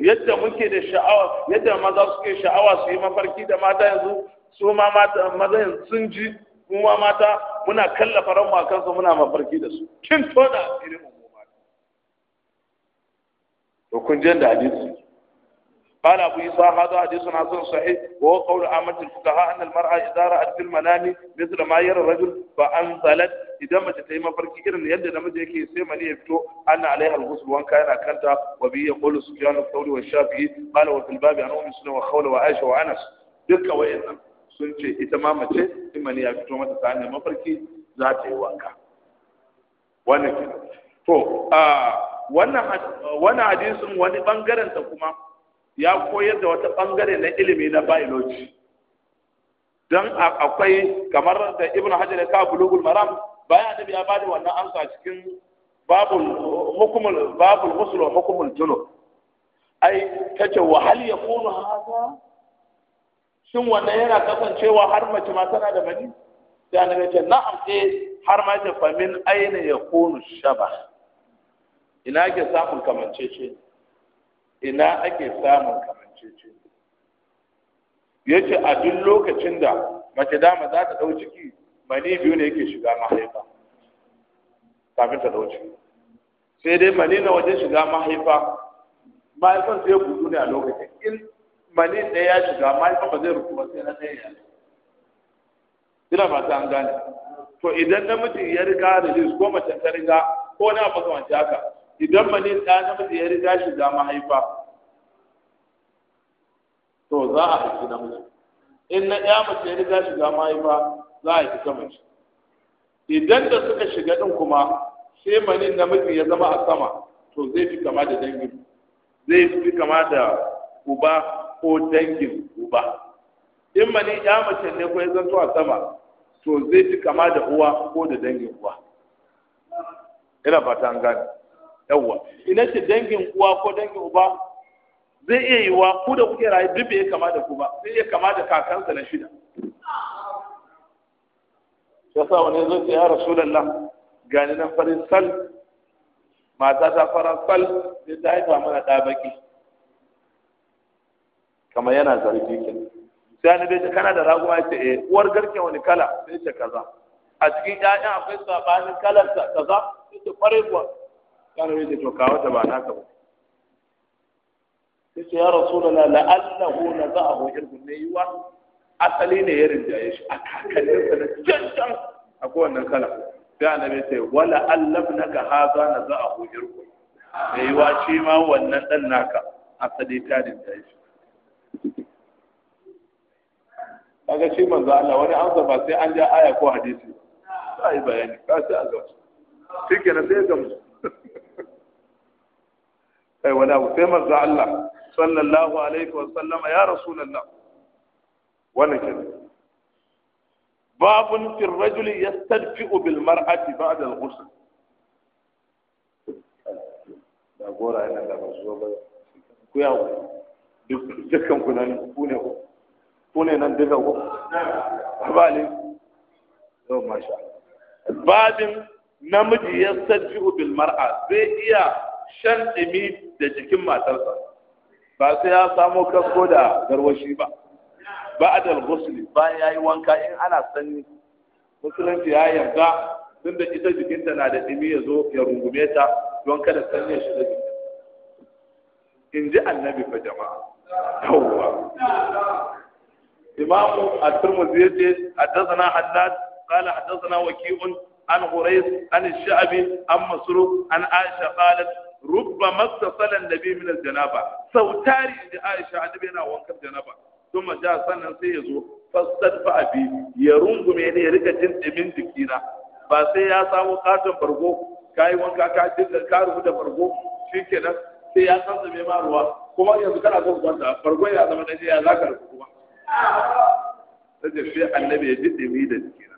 yadda muke da sha'awa yadda maza suke sha'awa su yi mafarki da mata yanzu su ma mata maza yanzu sun ji kuma mata muna kalla mu akan su muna mafarki da su kin to da irin mu mata to kun da hadisi قال أبو عيسى هذا حديث حسن صحيح وهو قول عامة الفقهاء أن المرأة إذا رأت في المنام مثل ما يرى الرجل فأنزلت إذا ما تتهم فرقي إرن يلد لما تيكي سيما ليفتو أن عليها الغسل وأن كان أكلتا وبه يقول سفيان الثوري والشافعي قال وفي الباب عن أم سنة وخولة وعائشة وعنس دكا وإذن سنتي إتمامة إما ليفتو ما تتعني مفرقي ذاتي وأنكا وأنك تو آه wannan hadisin wani bangaren ta kuma ya koyar da wata bangare na ilimi na biology don akwai kamar da ibn hajar ka bulugul maram bayan da ya bada wannan amsa cikin babul hukumul babul musul wa hukumul junub ai tace wa hal yakunu hada shin wannan yana kasancewa har mace ma tana da mani da na ce na'am eh har ma ce famin aina yakunu shaba ina ke samun kamance ce. ina ake samun kamancece ya ce a duk lokacin da mace dama za ta ɗau ciki mani biyu ne yake shiga mahaifa kafin ta ɗau ciki sai dai mani na wajen shiga mahaifa mahaifan sai buɗu ne a lokacin in mani ɗaya ya shiga mahaifa ba zai rufu ba sai na ɗaya ya ina ta an gane to idan namiji ya riga release ko mace ta riga ko na ka wanke haka idan mani ɗa namiji ya riga shiga mahaifa to za a haifi namiji in na ya mace ya riga shiga mahaifa za a yi ta mace idan da suka shiga din kuma sai manin namiji ya zama a sama to zai fi kama da dangin zai fi kama da uba ko dangin uba in mani ya mace ne ko ya zanto a sama to zai fi kama da uwa ko da dangin uwa ina fata an gane yawwa ina ce dangin uwa ko dangin uba zai iya yiwa ku da kuke rayu duk bai kama da ku ba zai iya kama da kakansa na shida ya sa wani zo ce ya rasulallah gani na farin sal mata ta fara sal sai ta haifa mana ɗa baki kamar yana zargi kenan sai ya bai kana da raguwa ya ce e uwar garken wani kala sai ce kaza a cikin ƴaƴan akwai sabanin kalar kaza sai ce farin kuwa kana bai ta to kawo ta ba naka ba sai ce ya na la'allahu naza'ahu irgun yi wa? asali ne ya rinjaye shi a kakanninsa na cancan a kowannan kala sai annabi ce wala allabnaka hadha naza'ahu irgun yi wa? shi ma wannan dan naka asali ta rinjaye shi kaga shi manzo Allah wani an ba sai an ja aya ko hadisi sai bayani ka sai a gamsu shikenan sai gamsu kai wala sai manzo Allah sallallahu alaihi wa sallama ya rasulullah wannan kenan babun fil rajul yastadfi'u bil mar'ati ba'da al ghusl da gora yana da zuwa ba ku ya duk dukkan ku nan ku ne ku ne nan ku to masha babin namiji yastadfi'u bil mar'a zai iya shan dimi da jikin matarsa ba sai ya samo kasko da garwashi ba Ba a ba'dal ghusl bayan yi wanka in ana sani musulunci ya yarda da ita jikinta na da ɗimi ya zo ya rungume ta don kada sanya shi da in ji annabi fa jama'a yawwa imam at-tirmidhi yace haddathana haddad qala haddathana waki'un an غريس عن الشعبي عن مسروق an aisha قالت rubba mastasalan nabi min aljanaba sau tari inda aisha annabi na wankan janaba kuma ja sannan sai ya zo ba a abi ya rungume ne ya rika jin dimin jikina ba sai ya samu katon bargo kai wanka ka jin ka rubuta bargo shikenan sai ya san zame maruwa, kuma yanzu kana son kwanta bargo ya zama na ya zaka rubuta kuma sai sai annabi ya ji dimi da jikina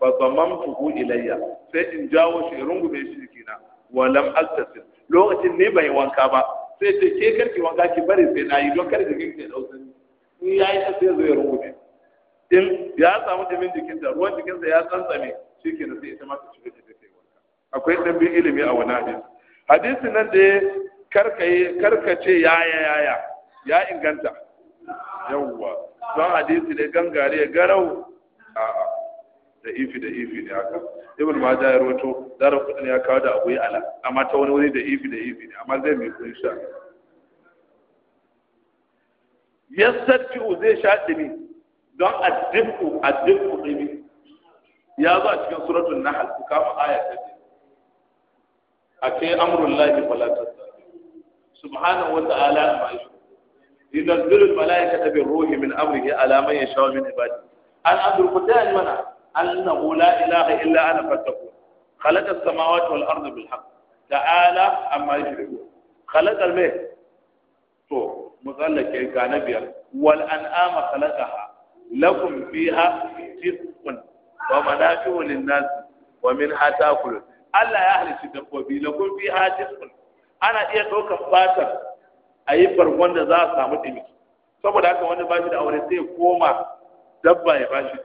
fa zamamtu ilayya sai in jawo shi rungume shi jikina walam aktasil lokacin ne bai wanka ba sai ce ke karki wanka ki bari sai na yi don kar da kike da sanyi ni yayi yi sai zo ya rungume din ya samu jikin jikinta ruwan sa ya tsantsame shi ke da sai ita ma ta shiga jikin ta wanka akwai bi ilimi a wani hadisi hadisi nan da karkaye karkace yaya yaya ya inganta yawwa don hadisi ne gangare garau a'a da ifi da ifi ne haka ibn majah ya rawaito dara kudin ya kawo da abu ya ala amma ta wani wuri da ifi da ifi ne amma zai mai kun sha yasarfi'u zai sha dimi don addinku addinku dimi ya zo a cikin suratul nahl ku kama aya ta ce akai amrul lahi fala tasabi subhanahu wa ta'ala ma yashku idan dulul malaikata bi ruhi min amrihi ala man yasha min ibadi an amru kutani mana annahu la ilaha illa ana fattaqu khalaqa as-samawati wal arda bil haqq ta'ala amma yushrikun khalaqa al-may to musallake ga na biyar wal an'ama khalaqaha lakum fiha tisqun wa manafi'u lin-nas wa minha Allah ya halitta dabbobi lakum fiha tisqun ana iya ɗaukar fatar a yi bargon da za a samu ɗimi saboda haka wani bashi da aure sai koma dabba ya bashi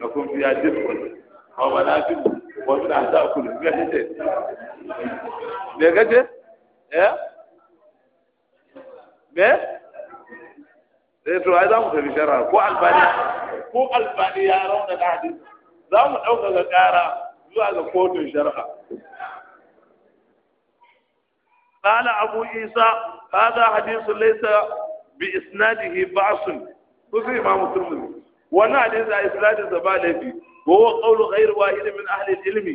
لكم فيها دفء ومنافع ومنها تأكل منها جدا ليه كده؟ ايه؟ me? sai to ai za mu tafi shara ko albani ya rauna da hadisi za mu ɗauka ga zuwa ga kotun shari'a قال أبو عيسى هذا حديث ليس بإسناده بأس كفي إمام الترمذي wannan hadisi a isnadin sa ba laifi wa huwa qawlu ghayr wahid min ahli ilmi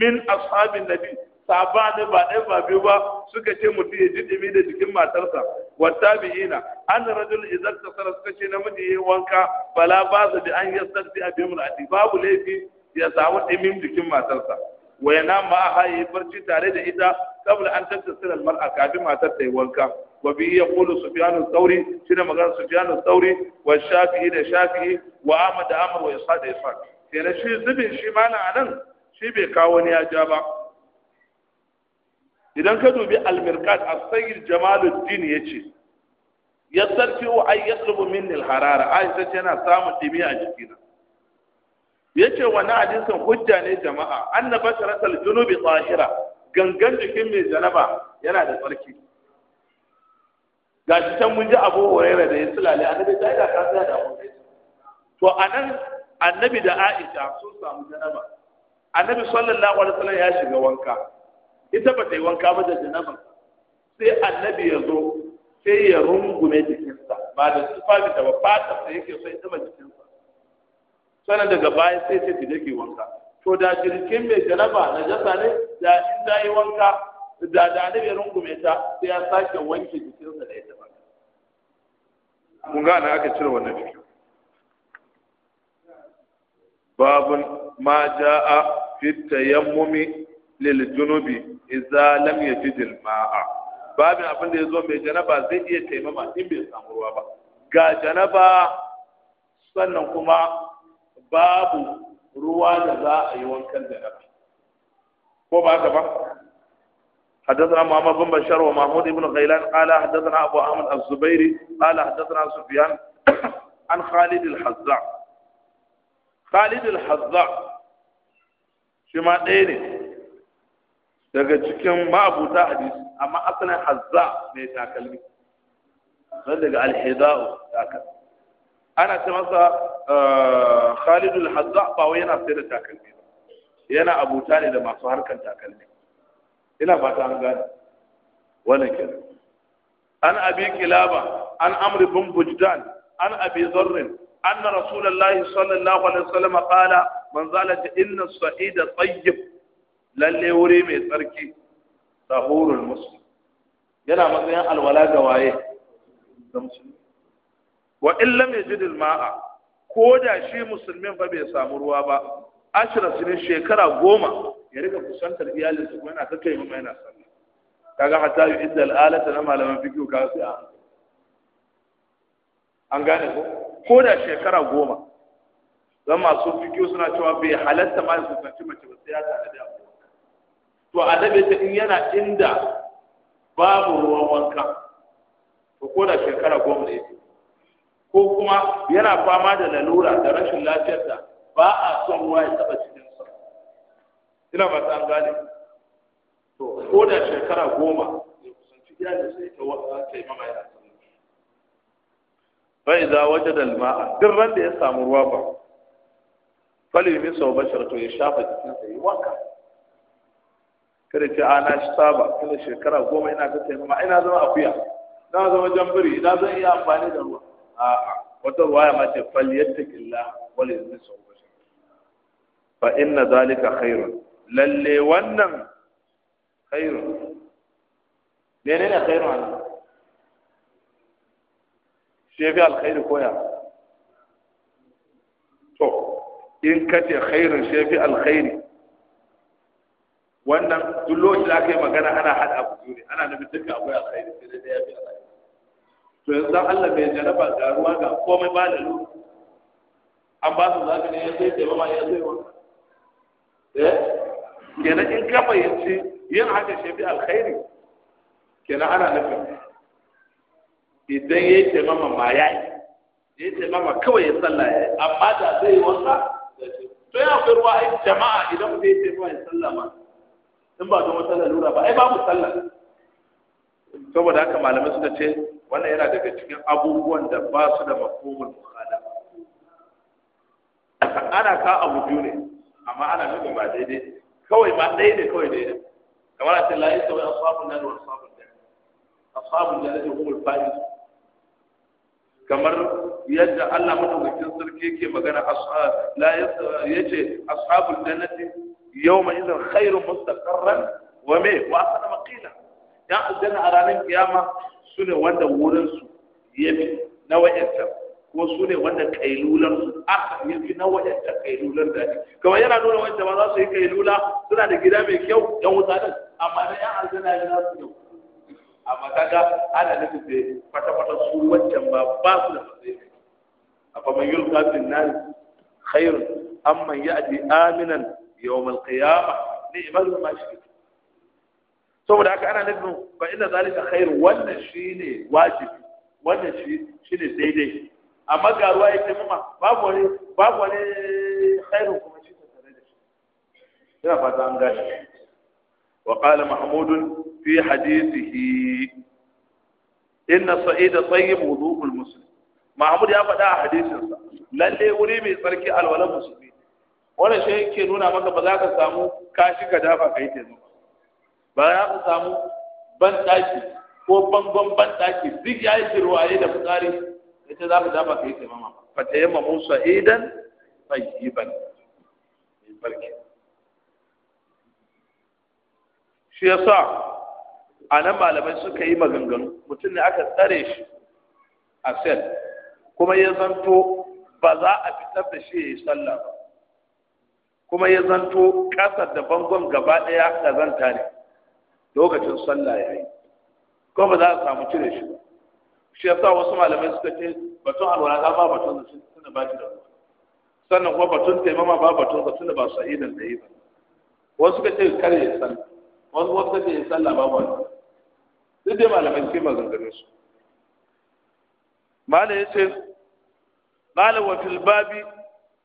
min ashabin nabi sahaba ba ɗaya ba biyu ba suka ce mutum ya ji dumi da jikin matarsa wa tabi'ina an rajul idan tasara suka ce namiji yayi wanka bala ba su bi an a abi mulati babu laifi ya samu ɗimin jikin matarsa wa yana ma ha yi barci tare da ita kabla an tattasira mar'a kafin matar ta yi wanka wa bihi yaqulu sufyan ath-thawri shine magana sufyan ath-thawri wa shafi'i da shafi'i wa ahmad da ahmad wa ishaq da ishaq kenan shi zubin shi mana shi bai kawo ni ja ba idan ka dubi al-mirqat as-sayyid yace yastarfi'u wa yatlubu minni al-harara aisha ce yana samun dimi a jikina yace wannan hadisin hujja ne jama'a anna basharat junubi tahira gangan jikin mai janaba yana da tsarki gashi can mun ji Abu horaira da ya sulale annabi ta da kasa da Abu to nan annabi da Aisha sun samu janaba annabi sallallahu alaihi wasallam ya shiga wanka ita ba ta yi wanka ba da janaba sai annabi ya zo sai ya rungume jikinsa ba da tufafi da ba fata sai yake so ita ba jikinsa sannan daga baya sai ta ki dake wanka to da jirgin mai janaba na jasa ne da in ta yi wanka da da ne ya rungume ta sai ya sake wanke jikinsa da ita ba mun gane aka cire wannan fikiyo babun ma jaa fi tayammumi lil junubi idza lam yajid al ma'a babin abin da yazo mai janaba zai iya taimama in bai samu ruwa ba ga janaba sannan kuma babu ruwa da za a yi wankan janaba ko ba ta ba حدثنا محمد بن بشار ومحمود بن غيلان قال حدثنا أبو أحمد الزبيري قال حدثنا سفيان عن خالد الحزاع خالد الحزاع شما ديني daga cikin ma'abuta hadisi amma asalin hazza mai takalmi Zan daga alhida'u takalmi ana ce masa khalidul hazza ba wai yana sai da takalmi ba yana abuta ne da masu harkan takalmi ina fata an gane wannan kenan an abi kilaba an amri bin bujdan an abi zarrin anna rasulullahi sallallahu alaihi wasallam qala man ta inna saida tayyib lalle wuri mai tsarki tahurul muslim yana matsayin alwala ga waye da musulmi wa in lam yajid al-ma'a ko da shi musulmin ba bai samu ruwa ba ashra sinin shekara goma ya rika kusantar iyalinsa kuma yana kai mai yana sallah kaga hatta yi inda al'alata na malaman fikiyo ka sai a an gane ko ko da shekara goma don masu fikiyo suna cewa bai halatta ma ya kusanci mace ba sai ya tare da abu to annabi ta in yana inda babu ruwan wanka to ko da shekara goma ne ko kuma yana fama da lalura da rashin lafiyarsa ba a son ruwa ya taba shi ina ba ta gane to ko da shekara goma ya kusanci ce sai ta wata ta yi mama yana sallah fa idza wajada al-ma'a duk ran da ya samu ruwa ba fali min sau bashar to ya shafa jikin sai yi wanka kada ce a na saba kada shekara goma ina ta ta yi mama ina zama akuya ina zama jambiri ina zan iya amfani da ruwa a'a wata ruwaya ma ce fal yattaqillah wal yusbihu fa inna zalika khairun lalle wannan khairu menene khairu ana shi fi alkhairu koya to in kace khairu shi fi alkhairi wannan duk lokacin da aka yi magana ana hada abu biyu ne ana nufin duka akwai alkhairi sai dai ya fi alkhairi to yanzu Allah bai jaraba ga ruwa ga komai ba da lokaci an ba su zaka ne ya sai ba ma ya sai wa eh kenan in ka fahimci yin haka shi bi alkhairi kenan ana nufin idan ya mama ma ya yi yake mama kawai ya sallah ya yi amma da zai wasa to ya akwai ruwa ai jama'a idan mutum ya ce ya sallah ma in ba don wata lalura ba ai babu sallah saboda haka malamai suka ce wannan yana daga cikin abubuwan da ba su da mafhumul mukhalafa ana ka abu biyu ne amma ana nufin ba daidai kawai ba ɗaya ne kawai ɗaya kamar a ce la yasa wai ashabun nar wa ashabun nar ashabun nar ne kuma faiz kamar yadda Allah madaukakin sarki yake magana la yasa yace ashabul jannati yawma idan khairun mustaqarran wa me wa asana maqila ya aljanna a ranar kiyama sune wanda wurin su yafi na wa'ancan kuma su ne wanda kailular su aka ah, yi na wajenta kailular da ne kamar yana nuna wanda ba za su yi kailula suna da gida mai kyau yan wuta din amma na yan aljanna ne za su yau amma kaga ana nufin da kwata-kwata su wancan ba ba su da matsayi a faman yulka bin nan khairun amman ya'ti aminan yawmal qiyamah ni'mal ma shi saboda haka ana nufin fa inna zalika khairun wannan shine wajibi wannan shi shine daidai amma ga ruwa ya taimama babu wani babu wani khairin kuma shi ta tare da shi ina fata an gashi wa qala mahmud fi hadithihi inna sa'ida tayyib wudu'ul muslim mahmud ya faɗa a hadisinsa lalle wuri mai tsarki alwalan musulmi wannan shi yake nuna maka ba za ka samu kashi ka dafa kai taimako ba za ka samu ban ko bangon ban ɗaki duk ya yi da fitsari ita za ka dafa ka yi taimama fa ta yamma musa idan tayyiban mai barki shi yasa a nan malamai suka yi maganganu mutum ne aka tsare shi a sel kuma ya zanto ba za a fitar da shi ya yi sallah ba kuma ya zanto ƙasar da bangon gaba ɗaya ƙazanta ne lokacin sallah ya yi kuma ba za a samu cire shi ba shi yasa wasu malamai suka ce batun alwala ba batun da suna ba shi da sannan kuma batun taimama ba batun da suna ba sa'idan da yi ba wasu suka ce kare ya san, wasu wasu suka ce ya san ba wani duk dai malamai sai maganganun su malam ya ce malam wa Filbabi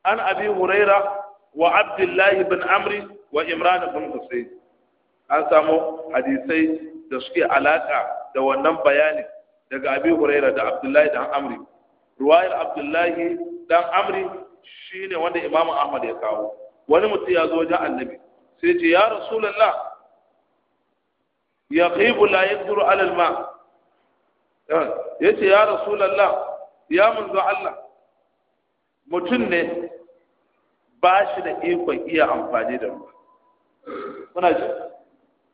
an abi huraira wa abdullahi bin amri wa imran bin husayn an samu hadisai da suke alaka da wannan bayanin daga abi huraira da abdullahi dan amri ruwayar abdullahi dan amri shine wanda imamu ahmad ya kawo wani mutum ya zo wajen annabi sai ce ya rasulullah ya ghibu la yadru ala alma ce ya rasulullah ya manzo Allah mutum ne ba shi da ikon iya amfani da ruwa kuna ji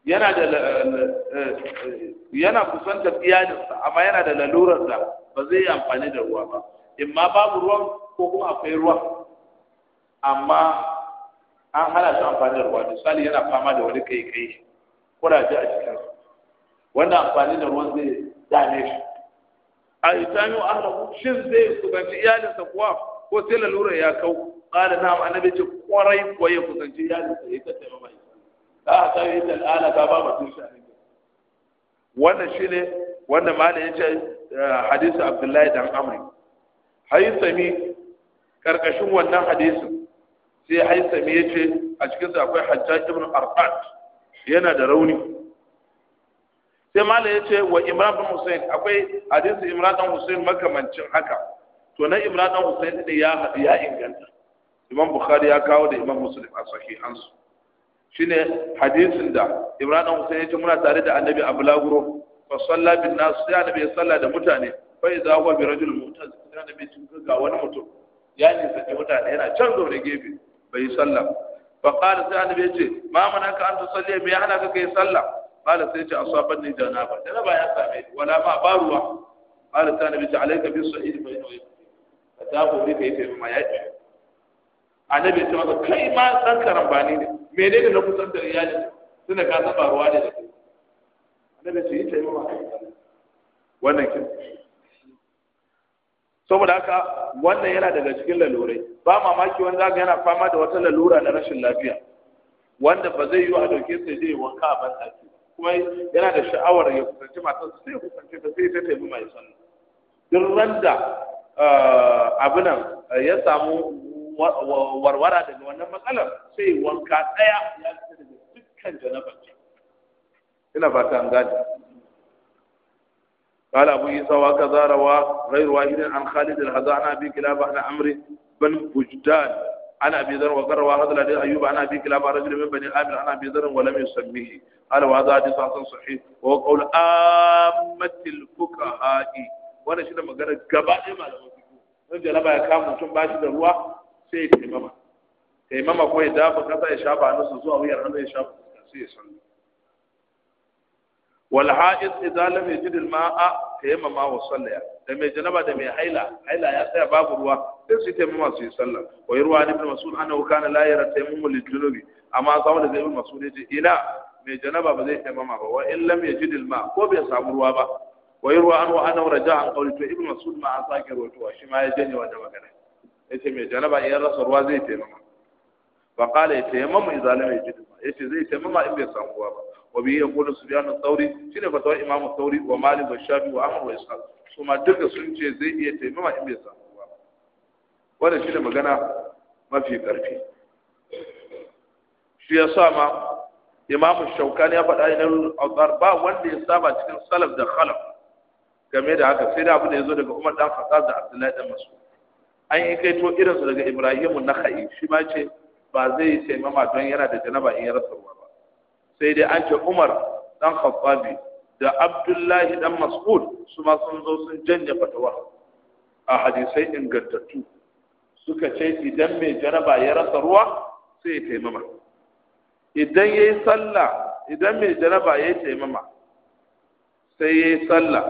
yana da eh, eh, yana kusantar iyalinsa amma yana da lalurar da ba zai yi amfani da ruwa ba in ma babu ruwan ko kuma akwai ruwa amma an hana shi amfani da ruwa misali yana fama da wani kai kai kuraje a cikin wannan amfani da ruwan zai dame shi a isami wa ahlahu shin zai kusanci iyalinsa kuwa ko sai lalurar ya kau qala na'am annabi ce kwarai kwaye ya kusanci iyalinsa ya tattauna mai a ta yi da ala ka ba mutum shi wannan shine wanda mala yace eh, hadisi abdullahi dan amri haisami karkashin wannan hadisin sai haisami ce a cikin sa akwai hajjaj ibn arqat yana da rauni sai ya ce wa imran bin Hussein akwai hadisu imran bin Hussein makamancin haka to na imran bin Hussein din ya ya inganta imam bukhari ya kawo da imam muslim a sahihansu shine hadisin da Imran Hussein ya ce muna tare da Annabi a Bulaguro fa salla bin nas sai Annabi ya salla da mutane fa idza huwa bi rajul mu'taz sai Annabi sun ga wani mutum ya ne sai mutane yana can zaune gefe bai salla fa qala sai Annabi ya ce ma manaka an tusalli me ya hana ka kai salla qala sai ya ce asabanni janaba dana ba ya same ni wala ma ruwa qala sai Annabi ya ce alayka bis sa'id fa inna ka ta ko ne kai kai ma ya ce Annabi ya ce masa kai ma san karambani ne ne na kusan da iyali suna ka saba ruwa da jiki annabi ce yi taimama wannan kin saboda haka wannan yana daga cikin lalurai ba mamaki wani zaga yana fama da wata lalura na rashin lafiya wanda ba zai yi a dauke sai zai wanka a ban taki kuma yana da sha'awar ya kusanci su sai kusanci ta sai ta taimu mai sannu duk randa eh, abinan ya samu warwara daga wannan matsalar sai wanka ɗaya ya fita daga dukkan janabar ina fata an gane قال أبو عيسى وكذا روى غير واحد عن خالد الهذا عن أبي كلاب عن عمرو بن بجدان عن أبي ذر وقال روى هذا الحديث أيوب عن أبي كلاب رجل من بني عامر عن أبي ذر ولم يسميه قال وهذا حديث حسن صحيح وهو قول عامة الفقهاء وأنا شنو مقرر قبائل ما لهم فيكم رجل لما يكام mutum ba shi sai ya taimama taimama ko ya dafa kasa ya shafa hannunsa zuwa wuyar hannu ya shafa sai ya sanu wal ha'iz idza lam yajid al ma'a taimama wa sallaya da mai janaba da mai haila haila ya tsaya babu ruwa sai su taimama su yi sallah wa yarwa ibn mas'ud annahu kana la yara taimamu lil junubi amma zama da ibn mas'ud yace ina mai janaba ba zai taimama ba wa in lam yajid al ma'a ko bai samu ruwa ba wa yarwa anhu annahu raja'a an qawli to ibn mas'ud ma an sake ruwa to shi ma ya janye wannan magana yace mai janaba in rasa ruwa zai taimama fa qala yatayammam idza lam yajid yace zai taimama in bai samu ruwa ba wa bi yaqulu subyan al-thawri shine fatawar imam al wa malik wa shafi wa ahmad wa ishaq ma duka sun ce zai iya taimama in bai samu ruwa ba wannan shine magana mafi karfi shi yasa ma imam shaukani ya faɗa idan azhar ba wanda ya saba cikin salaf da khalaf game da haka sai da abu da yazo daga umar dan khattab da abdullahi dan mas'ud an yi kai to irinsu daga ibrahimu na ha'i shi ma ce ba zai yi taimama don yana da janaba in ya rasa ruwa ba sai dai an ce umar dan khattabi da abdullahi dan mas'ud su ma sun zo sun janye fatawa a hadisai ingantattu suka ce idan mai janaba ya rasa ruwa sai ya taimama idan ya yi sallah idan mai janaba ya yi taimama sai ya yi sallah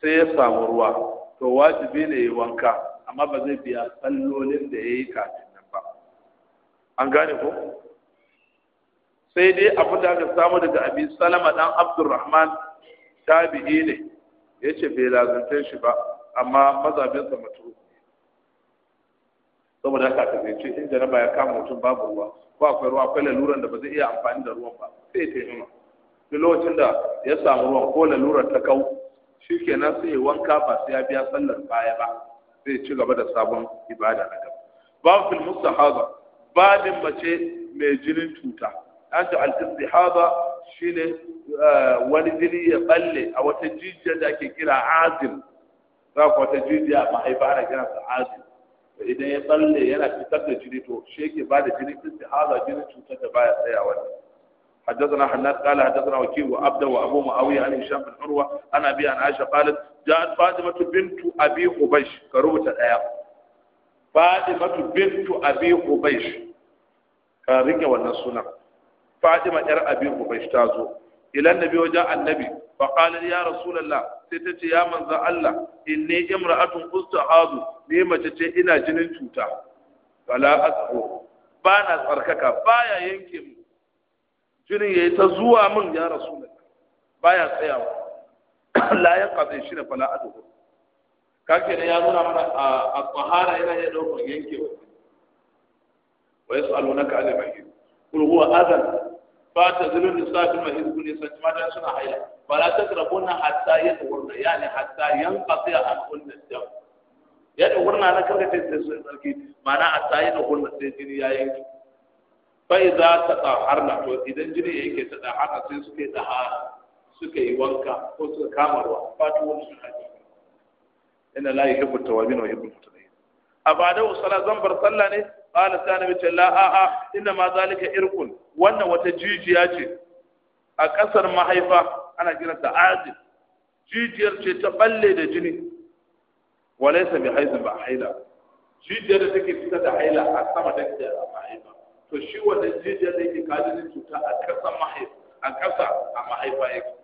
sai ya samu ruwa to wajibi ne ya wanka amma ba zai biya sallolin da ya yi kafin nan ba an gane ko sai dai abin da aka samu daga abin salama dan abdurrahman tabi'i ne ya ce bai lazunce shi ba amma sa mutu saboda haka ta zai ce in jaraba ya kama mutum babu ruwa ko akwai ruwa akwai laluran da ba zai iya amfani da ruwan ba sai ta yi duk lokacin da ya samu ruwan ko lalurar ta kau shi kenan sai ya wanka ba sai ya biya sallar baya ba zai ci gaba da sabon ibada na gaba babu fil mustahaba babin mace mai jinin cuta an ta al-istihaba shine eh, wani jini ya balle a wata jijiya da ake kira azim. za ku wata jijiya a mahaifa ana kira ta azil idan ya balle yana fitar da jini to shi yake ba da jini istihaba jinin cutar da baya tsayawa ne حدثنا حناد قال حدثنا وكيع وعبده وابو معاويه عن هشام بن عروه عن ابي عن عائشه قالت ja'at fatimatu bintu abi hubaysh ka rubuta daya fatimatu bintu abi hubaysh ka rike wannan sunan fatima yar abi hubaysh ta zo ila annabi wajen annabi fa qala ya rasulullah sai ta ce ya manzo Allah inni imra'atun ustahazu ne mace ce ina jinin cuta fala ashu ba na tsarkaka baya yanke mu jinin yayi ta zuwa min ya rasulullah baya tsayawa la ya qadi shi da fala adu kake ne ya nuna mana a tsahara yana ya dauka yankewa wa yas'alunaka alal mahid kul huwa adhan fa mahi su ne kun santimatan suna ta fala takrabuna hatta ya ne hatta 'yan yanqati an kunna dam wurna na kaga ta sarki mana hatta wurna sai jini ya yanke fa ta tatahharna to idan jini ya yake tatahharna sai suke tahara suka yi wanka ko suka kama ruwa ba ta wani suna ne ina la yuhibbu tawabin wa yuhibbu ba da wa zan bar sallah ne qala sani bi talla a a inna ma zalika irqun wannan wata jijiya ce a kasar mahaifa ana kiranta azib jijiyar ce ta balle da jini walaysa bi haizin ba haila jijiyar da take fita da haila a sama da ke a mahaifa to shi wannan jijiyar da yake kajin cuta a kasar mahaifa a kasa a mahaifa yake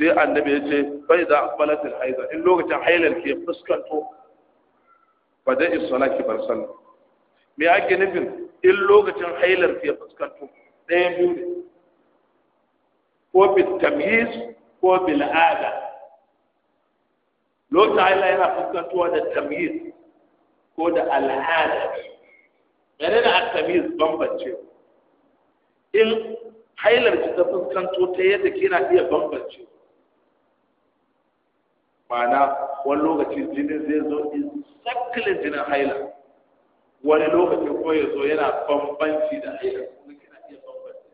sai annabi ya ce bai za a balatin haiza in lokacin hailar ke fuskanto ba da isola ki bar sallah me ake nufin in lokacin hailar ke fuskanto ɗaya biyu ne ko bil tamyiz ko bil ada lokacin haila yana fuskantowa da tamyiz ko da al'ada yana da al bambance in hailar ki ta fuskanto ta yadda kina iya bambance ma'ana wani lokacin jinin zai zo in sakkilin jinin haila wani lokacin ko ya zo yana bambanci da haila kuma kina iya bambanci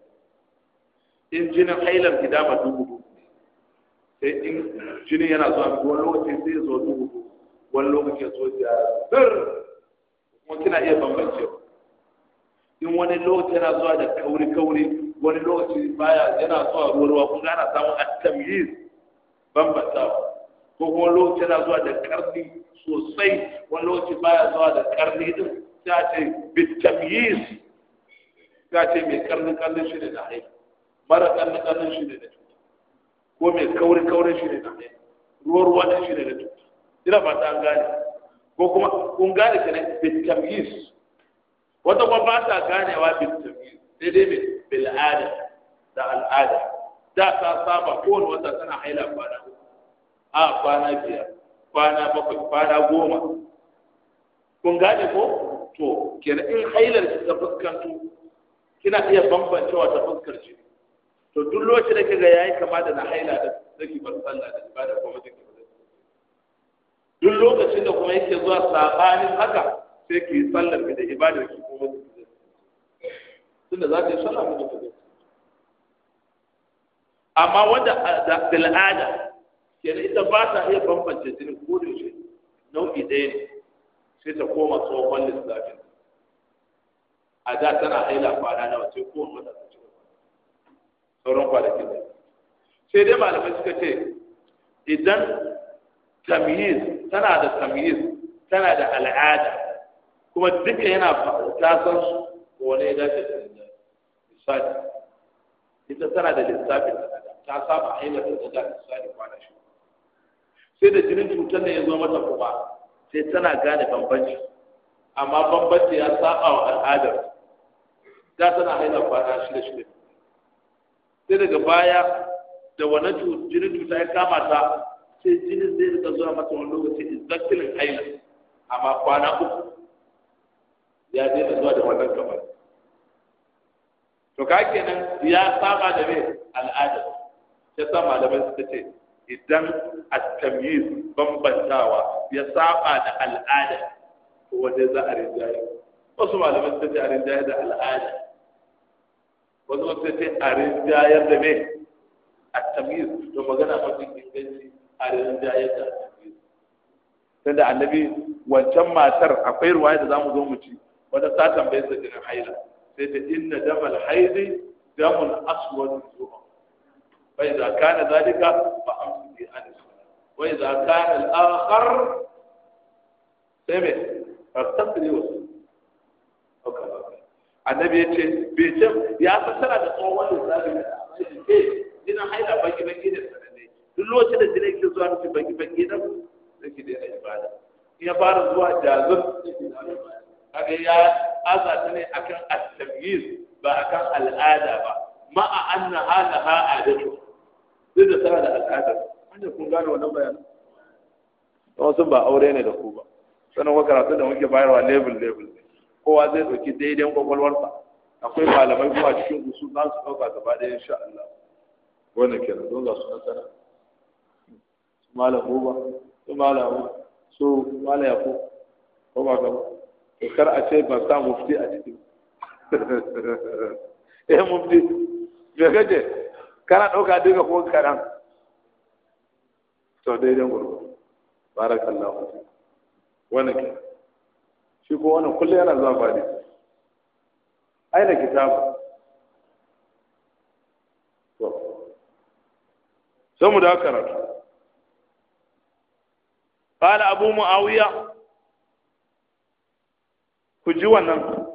in jinin hailar ki dama dubu dubu sai in jinin yana zuwa wani lokacin zai zo dubu dubu wani lokacin zo jazir kuma kina iya bambance in wani lokaci yana zuwa da kauri kauri wani lokaci baya yana zuwa ruwa ruwa kun ana samun at-tamyiz bambantawa ko kuma lokaci yana zuwa da karni sosai wani lokaci baya zuwa da karni din ta ce bitamyis ta ce mai karni karni shi ne da haihu mara karni karni shi ne da cuta ko mai kauri kauri shi ne da haihu ruwa ruwa ne shi ne da cuta ina ba ta gane ko kuma kun gane ne bitamyis wata kuma ba ta ganewa bitamyis sai dai mai bil'ada da al'ada da ta saba kowane wata tana haila kwana uku a kwana biyar kwana bakwai kwana goma kun gane ko to kenan in hailar ki ta fuskantu, kina iya bambancewa ta fuskar ce to duk lokacin da kaga yayi kama da na haila da zaki bar sallah da ibada ko ke da duk lokacin da kuma yake zuwa sabanin haka sai ki sallar ki da ibadar ki ko ba tunda za ka yi sallah ko ba amma wanda da al'ada kenan ita ba ta iya bambance jini ko da yaushe nau'i ɗaya ne sai ta koma tsohon lissafin a da tana haila kwana nawa sai wani wata ta ci sauran kwanakin da sai dai malamai suka ce idan tamyiz tana da tamyiz tana da al'ada kuma duka yana fahimta san wane ya dace da lissafin ita tana da lissafin ta saba haila da da lissafin kwana sai da jinin cutar da ya zo mata kuma sai tana gane bambanci amma bambanci ya saba wa al'adar ta tana haina kwana shida shida sai daga baya da wani jinin cuta ya kama ta sai jinin zai rika zuwa mata wani lokaci exactly haila amma kwana uku ya zai da zuwa da wannan kamar to ka kenan ya saba da mai al'adar ya sa malamai suka ce idan at-tamyiz bambantawa ya saba da al'ada ko wanda za a rinjaye wasu malaman sun ce a rinjaye da al'ada wasu sun ce a rinjaye da me at-tamyiz to magana mafi inganci a rinjaye da at Sai tunda annabi wancan matar akwai ruwaya da zamu zo mu ci wata ta tambaye sa jinin haila sai ta inna damal haidi damun aswad zuwa فإذا كان ذلك فأمسك عن السنة وإذا كان الآخر سمع فاستقري وسلم annabi ya bai ce ya fassara da tsohon lissafi da ce jina haila baki baki da sananne duk lokacin da jina yake zuwa nufi baki baki da zaki da a ibada ya fara zuwa jazir ya aza ne akan at ba akan al'ada ba ma'a anna duk da tana da al'ada wanda kun gane wannan bayanin don sun ba aure ne da ku ba sanin wa karatu da muke bayarwa level level kowa zai ɗauki daidai kwakwalwarsa akwai malamai kuma cikin usul za su ɗauka gaba ɗaya insha Allah wannan kenan don za su nasara su malam buba su malam su malam yako ko ba gaba to kar a ce ba sa mufti a cikin eh mufti me gaje kana ɗauka duka ko kaɗan to daidai gurgu barakallahu fi wani ke shi ko wani kullum yana zuwa faɗi aina kitabu sai mu da karatu قال أبو معاوية ku ji wannan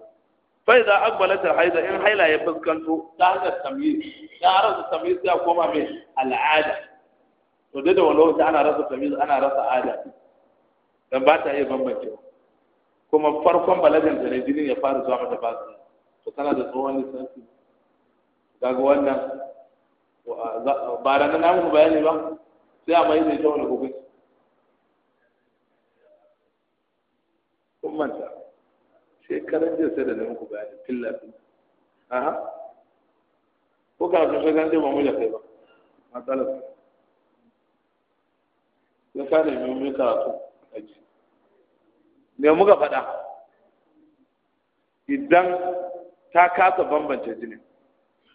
fa idza aqbalat in haila ya fuskanto ta haka tamyiz ta rasa tamyiz ya koma mai al'ada to da da wani ta ana rasa tamyiz ana rasa ada dan ba ta yi bambance kuma farkon baladin da ne jinin ya fara zuwa mata basu to tana da tsohon lissafi daga wannan ba ranar namun bayani ba sai a mai zai ta wani hukunci shekaran jiya sai da na muku bayani filla aha ko ka sun shekaran jiya ba mu da kai ba matsalar ya ka nemi mu karatu aji me muka faɗa idan ta kasa bambance jini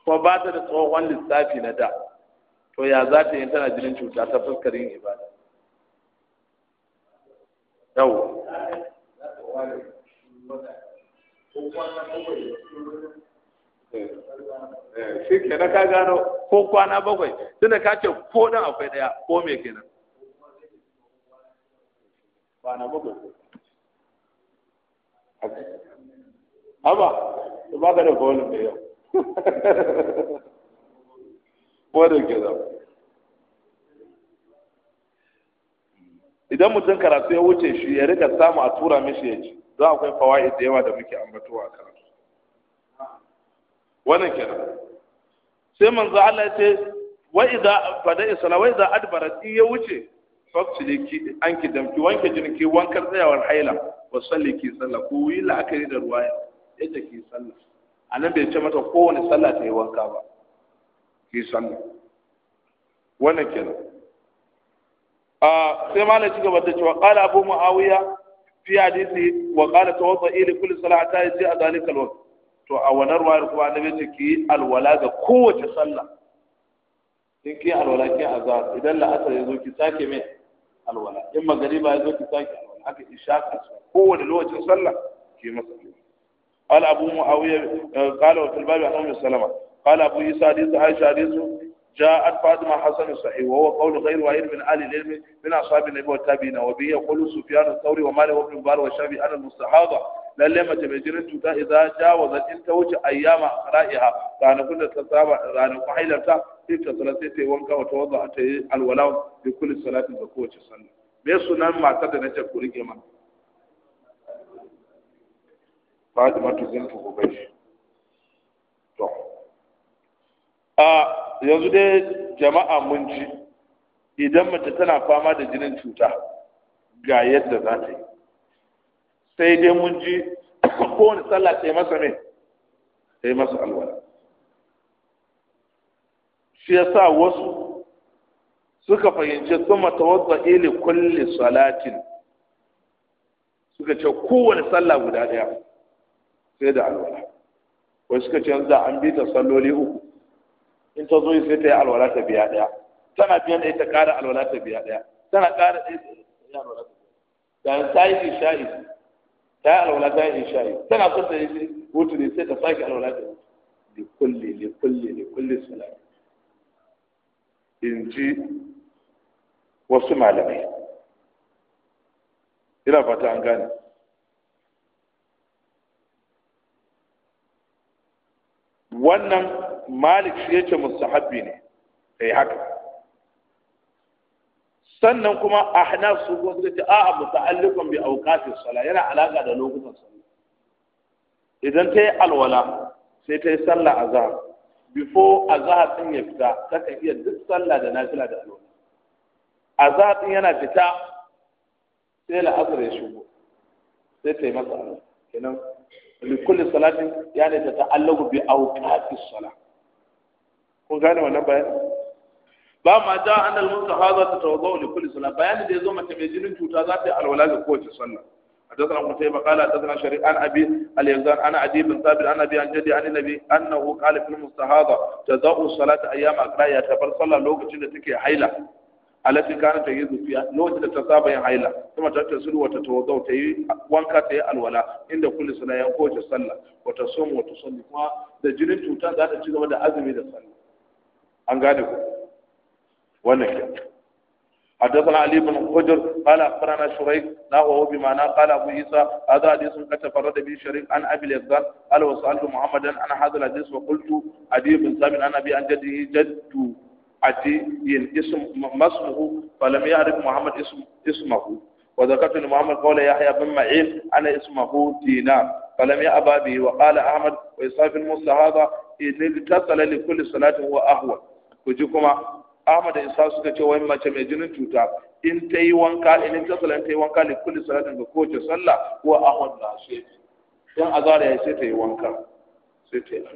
ko ba ta da tsohon lissafi na da to ya za ta yi tana jinin cuta ta fuskar yin ibada yau Eh, shi ka gano ko kwana bakwai tunda ka ce ko dan akwai daya ko me kenan kwana bakwai haba ba ka da bolin da yau wadda ke zama idan mutum karatu ya wuce shi ya rika samu a tura mishi ya ce. Za akwai fawaid da yawa da muke ambatowa a kan wannan kenan sai manzo Allah ya ce wa idza fada isla wa idza adbara in ya wuce faksili ki an ki damki wanke jinki ki wankar tsayawar haila wa salli ki sallah ku yi la'akari da ruwaya yadda ki sallah anan bai ce mata kowane sallah ta yi wanka ba ki sallah wannan kenan a ah, sai malai ci gaba da cewa qala abu muawiya fi hadisi wa qala tawadda'i li kulli salati yaji a zalika a wannan kuma annabi ce ki alwala ga kowace sallah in ki alwala ki azhar idan la'asar yazo ki sake mai alwala in magariba yazo ki sake alwala haka isha جاءت فاطمة حسن صحيح وهو قول غير واحد من أهل العلم من أصحاب النبي والتابعين وبه يقول سفيان الثوري ومالك وابن مبارك والشافعي أنا المستحاضة lalle mace mai jinin cuta idan jawaza in ta wuce ayyama ra'iha ranakun da ta saba ranakun hailarta sai ta sala ta yi wanka wata wanda ta yi alwala bi kulli salatin da kowace sallah me sunan matar da nace ku rike ma Fatima tu zintu Hubaysh a yanzu dai jama'a mun ji idan mace tana fama da jinin cuta ga yadda za ta yi sai dai mun ji kowane sallah ta yi masa mai ta yi masa alwala shi ya sa wasu suka fahimci sun wasu ili kulle salatin suka ce kowane sallah guda ɗaya sai da alwala wasu suka ce yanzu da an bi ta salloli uku in ta zo sai ta yi alwala ta biya ɗaya tana biyan da ita ƙara alwala ta biya ɗaya tana ƙara ɗaya ta yi alwala ta biya da ta yi isha'i ta yi alwala ta yi isha'i tana son ta yi hutu ne sai ta sake alwala ta yi kulli kulle, kulli kulle kulli salati in ji wasu malamai ina fata an gane wannan malik shi yace mustahabbi ne kai haka sannan kuma ahnaf su kuma suka ce a'a muta'alliqun bi awqati sala yana alaka da lokutan sallah idan ta yi alwala sai ta yi sallah azhar before azhar din ya fita ta ka iya duk sallah da nafila da alwala azhar din yana fita sai la'asar ya shigo sai ta yi masa kenan likulli salatin yani ta ta'allaqu bi awqati salah kun gane wannan bayani ba ma ja annal mustahaza ta tawaddu li kulli salat bayani da yazo mace mai jinin cuta za ta yi alwala ga kowace sallah حدثنا ابو سيف قال حدثنا شريك عن ابي اليزان انا ادي بن ثابت عن ابي عن جدي عن النبي انه قال في المستحاضه جزاء الصلاه ايام اقرا يا تبر صلى لوقتين da take haila التي كانت تجد فيها لوقت da ta saba yin haila kuma ta ta sulwa ta tawaza ta yi wanka ta yi alwala inda kulli sana yan koje sallah wa ta somo ta sallah kuma da jinin tuta za ta ci gaba da azumi da sallah an gane ku wannan ke حدثنا علي بن حجر قال اخبرنا شريك نحوه بمعنى قال ابو عيسى هذا حديث قد تفرد به شريك عن ابي اليزار قال وسالت محمدا عن هذا الحديث وقلت عدي بن ثابت عن ابي عن جده جد عدي اسم ما اسمه فلم يعرف محمد اسم اسمه وذكرت محمد قول يحيى بن معين انا اسمه دينار فلم يأبى به وقال احمد ويصاف الموسى هذا ان اتصل لكل صلاه هو اهون ku ji kuma Ahmad da Isa suka ce wai mace mai jinin cuta in ta yi wanka in ta salla ta yi wanka ne kulli salatin ga kowace sallah a ahmad da shi dan azara yayi sai ta yi wanka sai ta yi ta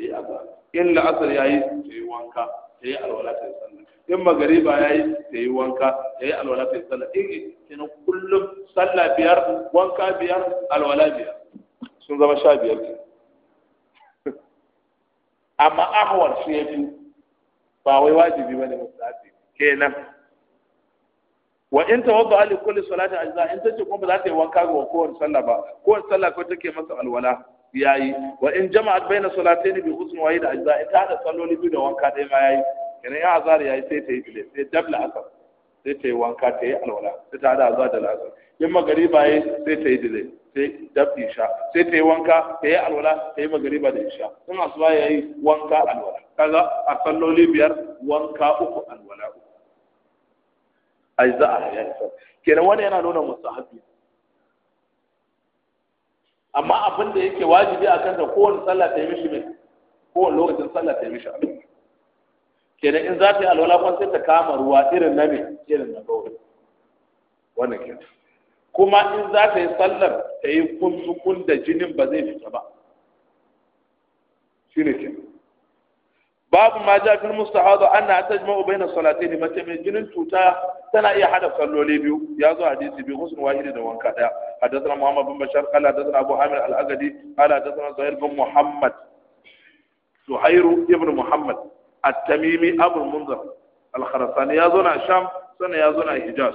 yi azara in la asar yayi ta yi wanka ta yi alwala ta yi sallah in magariba yayi ta yi wanka ta yi alwala ta yi sallah in in kullum sallah biyar wanka biyar alwala biyar sun zama sha biyar amma ahwar shi ya ba wai wajibi bane mustahabi kenan wa in tawadda li kulli salati ajza in tace kuma ba za ta yi wanka ga kowace sallah ba kowace sallah ko take masa alwala yayi wa in jama'at baina salatayn bi husn wa ida ajza in ta hada salloli biyu da wanka dai ma yayi kenan ya azhar yayi sai ta yi bile sai dabla asar sai ta yi wanka ta yi alwala sai ta hada azhar da asar in magariba yayi sai ta yi bile sai dab isha sai ta yi wanka ta yi alwala ta yi magariba da isha in asuba ya yi wanka alwala kaga a salloli biyar wanka uku alwala uku yi za a ya kenan wani yana nuna haɗu. amma abin da yake wajibi a kanta kowane sallah ta yi mishi mai kowane lokacin sallah ta yi mishi alwala kenan in za ta yi alwala kuma sai ta kama ruwa irin na mai irin na gauri wannan kenan kuma in za ta yi sallar ta yi kun da jinin ba zai fita ba shine ke babu ma ja fil musta'adu anna tajma'u baina salatayn mace mai jinin cuta tana iya hada salloli biyu ya zo hadisi bi husn wahid da wanka daya hadathana muhammad bin bashar qala hadathana abu hamid al-agadi qala hadathana zuhair bin muhammad zuhair ibn muhammad at-tamimi abu al-munzir al-kharasani ya zo na sham sana ya zo na hijaz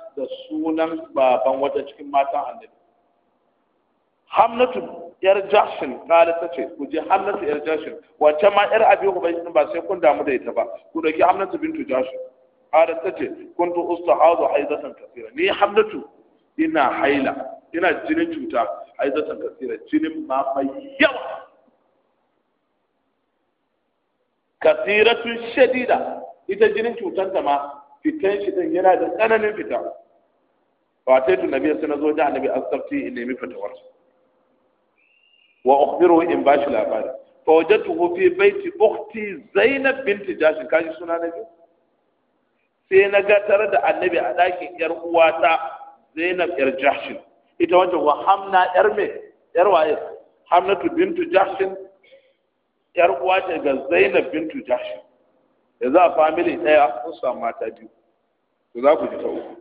da sunan baban wata cikin matan annabi hamnatu yar jashin kala ta ce ku je hamnatu yar jashin wacce ma yar abi bai ba sai kun damu da ita ba ku dauki hamnatu bintu jashin kala ta ce kuntu ustahadu haidatan kasira ni hamnatu ina haila ina jinin cuta haidatan kasira jinin ma mai yawa kasiratun shadida ita jinin cutar ta ma fitan shi din yana da tsananin fita fa taitu nabi sai nazo da annabi astabti in nemi fitawar wa ukhbiru in bashi labari fa wajadtuhu fi baiti ukhti zainab binti jashin kaji suna nabi sai na ga tare da annabi a dakin yar uwata zainab yar jashin ita wancan wa hamna yar me yar waye hamnatu bintu jashin yar uwa ga zainab bintu jashin za a family ɗaya sun samu mata biyu to za ku ji ta uku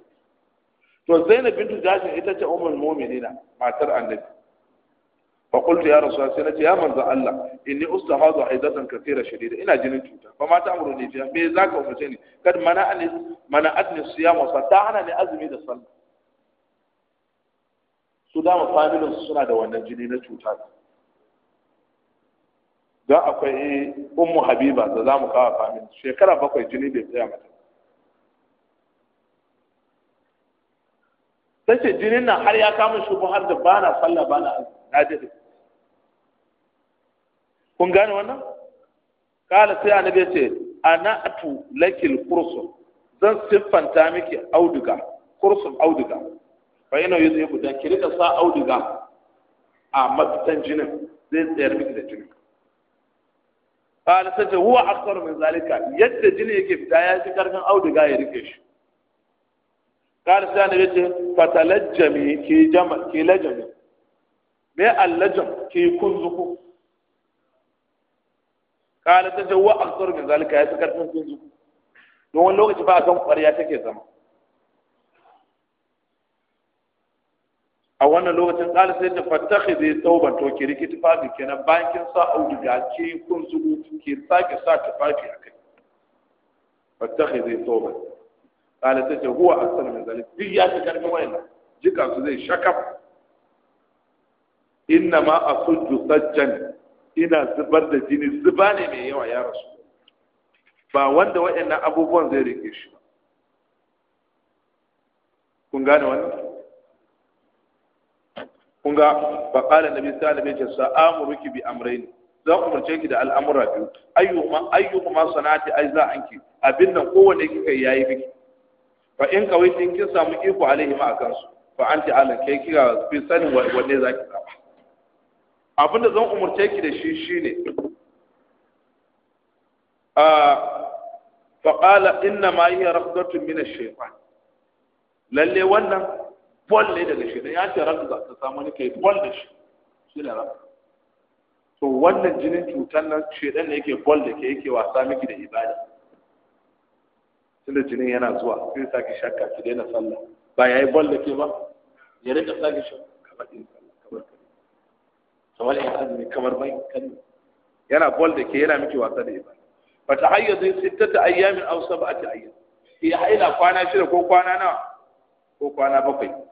to zainab bintu jashin ita ce ummul mu'minina matar annabi fa qultu ya rasul sai nace ya manzo Allah inni ustahadu haidatan kathira shadida ina jinin cuta fa mata amuru ne fiya me zaka umarce ni kad mana an mana adni siyam wa sata'ana ne azmi da sallah su dama familin suna da wannan jini na cuta da akwai ummu habiba da za mu kawo famin shekara bakwai jini bai tsaya mata ta ce jinin nan har ya kama shi har da ba na sallah ba na ajiye kun gane wannan kala sai bai ce ana atu lakil kursun zan siffanta miki auduga kursun auduga fa yana yi zai gudan ki sa auduga a mafitan jinin zai tsayar miki da jinin qala sace huwa akthar min zalika yadda jini yake fita ya fi karfin auduga ya rike shi qala sai ne yace fatalajjami ki jama ki lajami me allajam ki kunzuku qala sace huwa akthar min zalika ya fi karfin kunzuku don wani lokaci ba a kan ƙwarya take zama a wannan lokacin tsari sai ta fattakhidhi tauban to ki rikiti tufafi kenan bayan kin sa da ke kun zugu ki sake sa a kai. akai zai tauban tsari sai ta huwa sanar min zalik duk ya fi karfi wayan jika su zai shakaf inna ma asujju sajjan ina zubar da jini zuba ne mai yawa ya rasu ba wanda waɗannan abubuwan zai rike shi kun gane wannan kun ga fa qala nabi ce sa wasallam sa'amuruki bi amrayn za ku umarce ki da al'amura biyu ayyuhuma ayyuhuma sanati ajza anki abin nan kowanne kika yayi biki. fa in ka din kin samu iko alaihi ma akan su fa anti ala kai kira fi sanin wanne za zaba abin da zan umarce ki da shi shine a fa qala inna ma hiya raqdatun min ash-shaytan lalle wannan bolle ne daga shi ne ya ce za ka samu ne kai bolle da shi shi ne rabu. to wannan jinin cutar nan shedan ne yake bolle da ke yake wasa miki da ibada tunda jinin yana zuwa sai sa ki shakka ki daina sallah ba yayi bolle da ke ba ya rika sa ki shakka kamar din sallah kamar kamar ya azumi kamar bai kan yana bolle da ke yana miki wasa da ibada fa tahayyadu sittata ayyamin aw sab'ati ayyam ya haila kwana shida ko kwana nawa ko kwana bakwai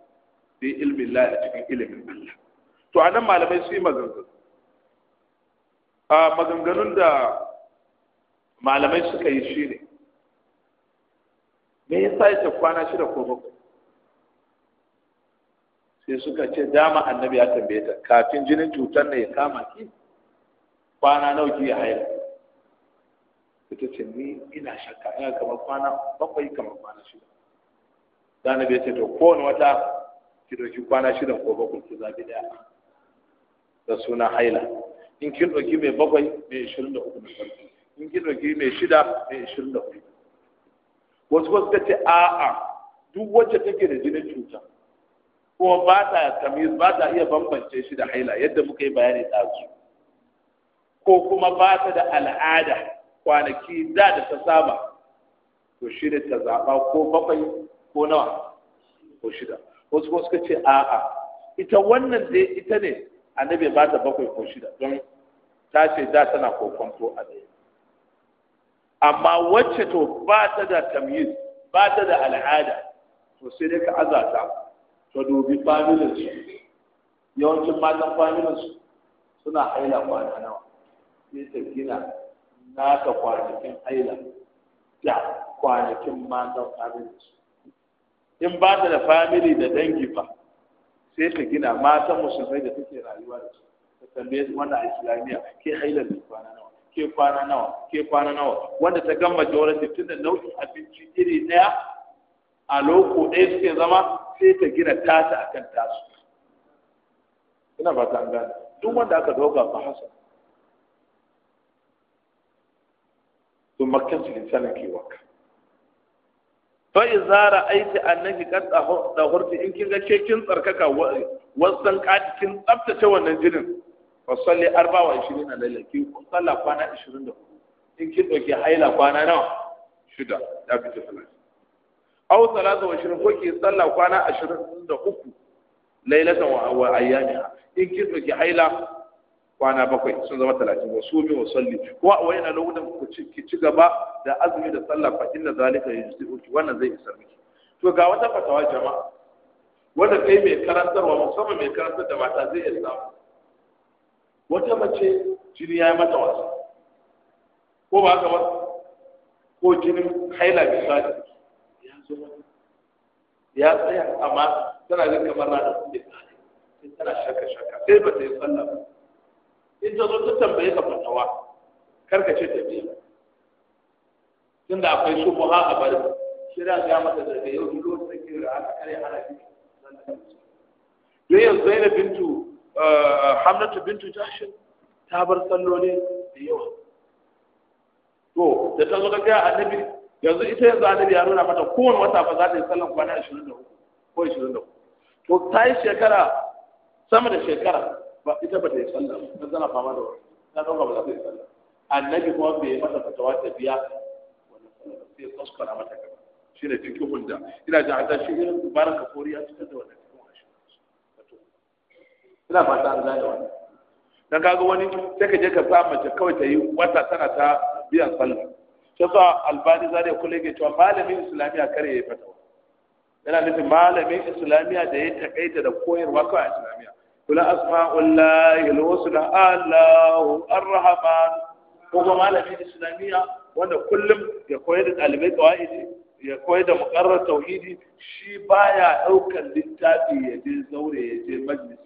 fi ilmin la'a a cikin ilimin Allah to a nan malamai su yi maganganu a maganganun da malamai suka yi shi ne me yi yake kwana shida ko bakwai sai suka ce dama annabi ya tambaye ta kafin jinin cutar ne ya kama ki kwana nawa ki ya haila ita ce ni ina shakka ina kamar kwana bakwai kamar kwana shida da annabi ya ce to kowane wata ki ɗauki kwana shida ko bakwai ki zaɓi ɗaya da suna haila in kin ɗauki mai bakwai mai ishirin da uku in kin ɗauki mai shida mai ishirin da uku wasu wasu ta ce a'a duk wacce take da jinin cuta kuma ba ta tamiz ba ta iya bambance shi da haila yadda muka yi bayani su. ko kuma ba ta da al'ada kwanaki da da ta saba to shi ne ta zaɓa ko bakwai ko nawa ko shida wasu kuma suka ce a'a ita wannan dai ita ne annabi ba ta bakwai ko shida don ta ce da tana kokonto a ɗaya amma wacce to ba ta da tamyiz ba ta da al'ada to sai dai ka azata to dubi familin su yawancin matan familin su suna haila kwana nawa sai ta gina naka kwanakin haila da kwanakin matan familin su in ba ta da family da dangi ba, sai ta gina matan musulmai da take rayuwa da su ta tambaye su wannan islamiya ke hailar da kwana nawa ke kwana nawa ke kwana nawa wanda ta gama jawar tun da nau'in abinci iri ɗaya a loko ɗaya suke zama sai ta gina tata akan tasu ina ba ta gane duk wanda aka doga ba hasa to makkan su sanin ke waka fa idza ra'aiti annaki qad dahurti in kin ga kekin tsarkaka wasan kadi kin tsaftace wannan jinin fa salli 24 laila ki salla kwana 24 in kin dauke haila kwana nawa shida ya fita salati aw shirin ko ki salla kwana 23 lailatan wa ayyamiha in kin dauke haila kwana bakwai sun zama talatin wa sumi wa salli a wani yana lokutan ku ci ci gaba da azumi da sallah fa inna zalika yujzi'uki wannan zai isar miki to ga wata fatawa jama'a wanda kai mai karantarwa musamman mai karantar da mata zai iya samu wata mace jini ya yi mata wasa ko ba haka ba ko jinin haila misali ya zo ya tsaya amma tana jin kamar na da kuɗi tana shaka shaka sai ba ta yi sallah ba in ta zo ta tambaye ka fatawa kar ka ce ta biya tunda akwai su buha a bari shirya ga mata daga yau duk lokacin da ke da aka kare halaki bi don yanzu zainab bintu eh, hamnatu bintu jashin ta bar salloli da yawa to da ta zo ga annabi yanzu ita yanzu annabi ya nuna mata kowane wata ba za ta yi sallan kwana 23 ko 24 to ta yi shekara sama da shekara ba ita ba ta yi sallah ba tana fama da wani ta dauka ba za ta yi sallah annabi kuma bai mata fatawa ta biya wannan sallah sai ya kuskura mata gaba shine fikihun da ina ji a shi irin ka kori ya fitar da wannan fikihun a shi ina fata an gane wani. dan kaga wani sai ka je ka sa mace kawai ta yi wata tana ta biyan sallah sai sa albani zare kullum ke cewa malamin islamiya kare ya yi fatawa yana nufin malamin islamiya da ya takaita da koyarwa kawai a islamiya قل اسماء الله الوسنى الله الرحمن وما لا في الاسلاميه وانا كلم يا قيد طالبي قواعد يا قيد مقرر توحيد شي بايا اوكل للتابي دي زوري يا جي مجلس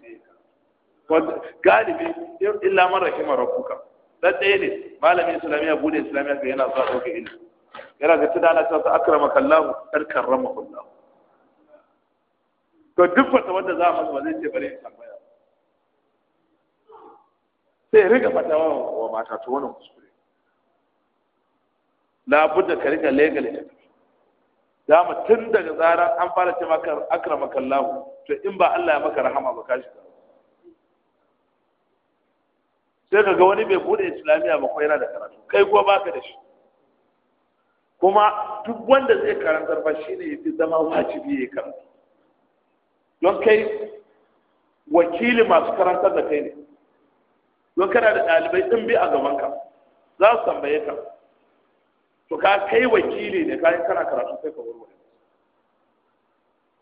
قد غالبي الا من رحم ربك بدي لي ما لا في الاسلاميه بودي الاسلاميه كان صاحو كده يرا جتدا انا تو اكرمك الله اركرمك الله to duk fata wanda za mu zai ce bare tambaya sai riga fatawa wa mata to wannan kuskure budda ka riga legal da mu tun daga zaran an fara ce maka akramaka to in ba Allah ya maka rahama ba ka shiga sai ka ga wani bai bude islamiya ba ko yana da karatu kai ko baka da shi kuma duk wanda zai karantar ba shine yafi zama wajibi ya karanta don kai wakili masu karantar da kai ne don kana da ɗalibai ɗin bi a ka za su tambaye ka to ka kai wakili ne kayan kana karatu sai ka warware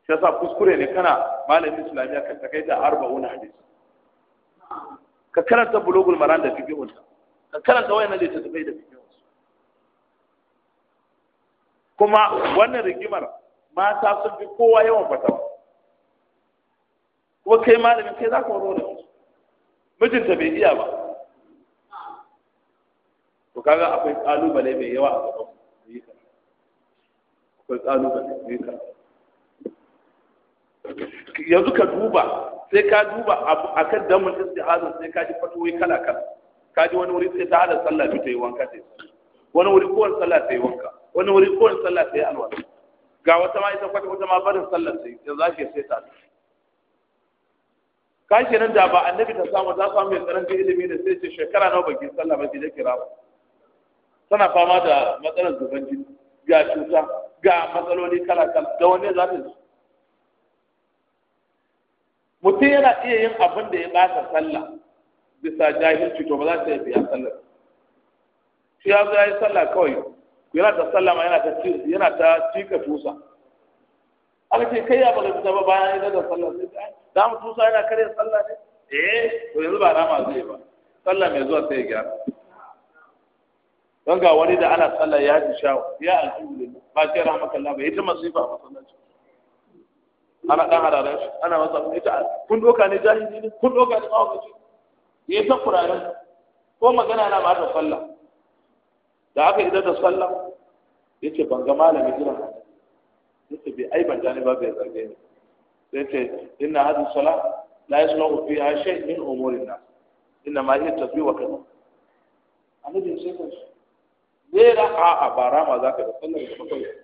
shi yasa kuskure ne kana malamin islamiyya ka takai da arba'una hadis ka karanta bulogul maran da fiqhun ka karanta wayan da tafi da fiqhun kuma wannan rigimar mata sun fi kowa yawan fatawa Ko kai malamin kai za ka warware musu mijinta bai iya ba to kaga akwai kalubale mai yawa a gaban mu yi ka, akwai kalubale mai yi ka. yanzu ka duba sai ka duba a kan damun istihazin sai ka ji fatoyi kala kala ka ji wani wuri sai ta hada sallah bi ta yi wanka ta wani wuri kowane sallah ta yi wanka wani wuri kowane sallah ta yi alwala ga wata ma ita kwata wata ma barin sallah ta yi yanzu ake sai ta ke nan da ba annabi ta samu su samu mai karancin ilimi da sai ce shekara nawa baki sallah ba ki kira ba tana fama da matsalar zuban jini ga cuta ga matsaloli kala kala da wanne za ta ji mutum yana iya yin abin da ya bata sallah bisa jahilci to ba za ta yi biya sallah shi ya zo ya yi sallah kawai yana ta sallah yana ta yana ta cika tusa aka ce kai ya baka fita ba bayan ya da sallah sai za mu tusa yana karya sallah ne eh to yanzu ba rama zai ba sallah mai zuwa sai ya gyara don ga wani da ana sallah ya ji shawo ya alhamdulillah ba sai rahmakallah ba ita masifa a masallaci ana dan hararan shi ana masa ita kun doka ne jahili ne kun doka ne mawakaci ya ta kuraren ko magana na ba ta sallah da aka idan da sallah yace ban ga malami jira yace bai ai ban gane ba bai zarge ni sai ce inna hadhihi salat la yaslahu fiha shay min umurin nas inna ma hiya tasbih wa kadha annabi sai ka ne da a a bara ma zaka da sallar da bakai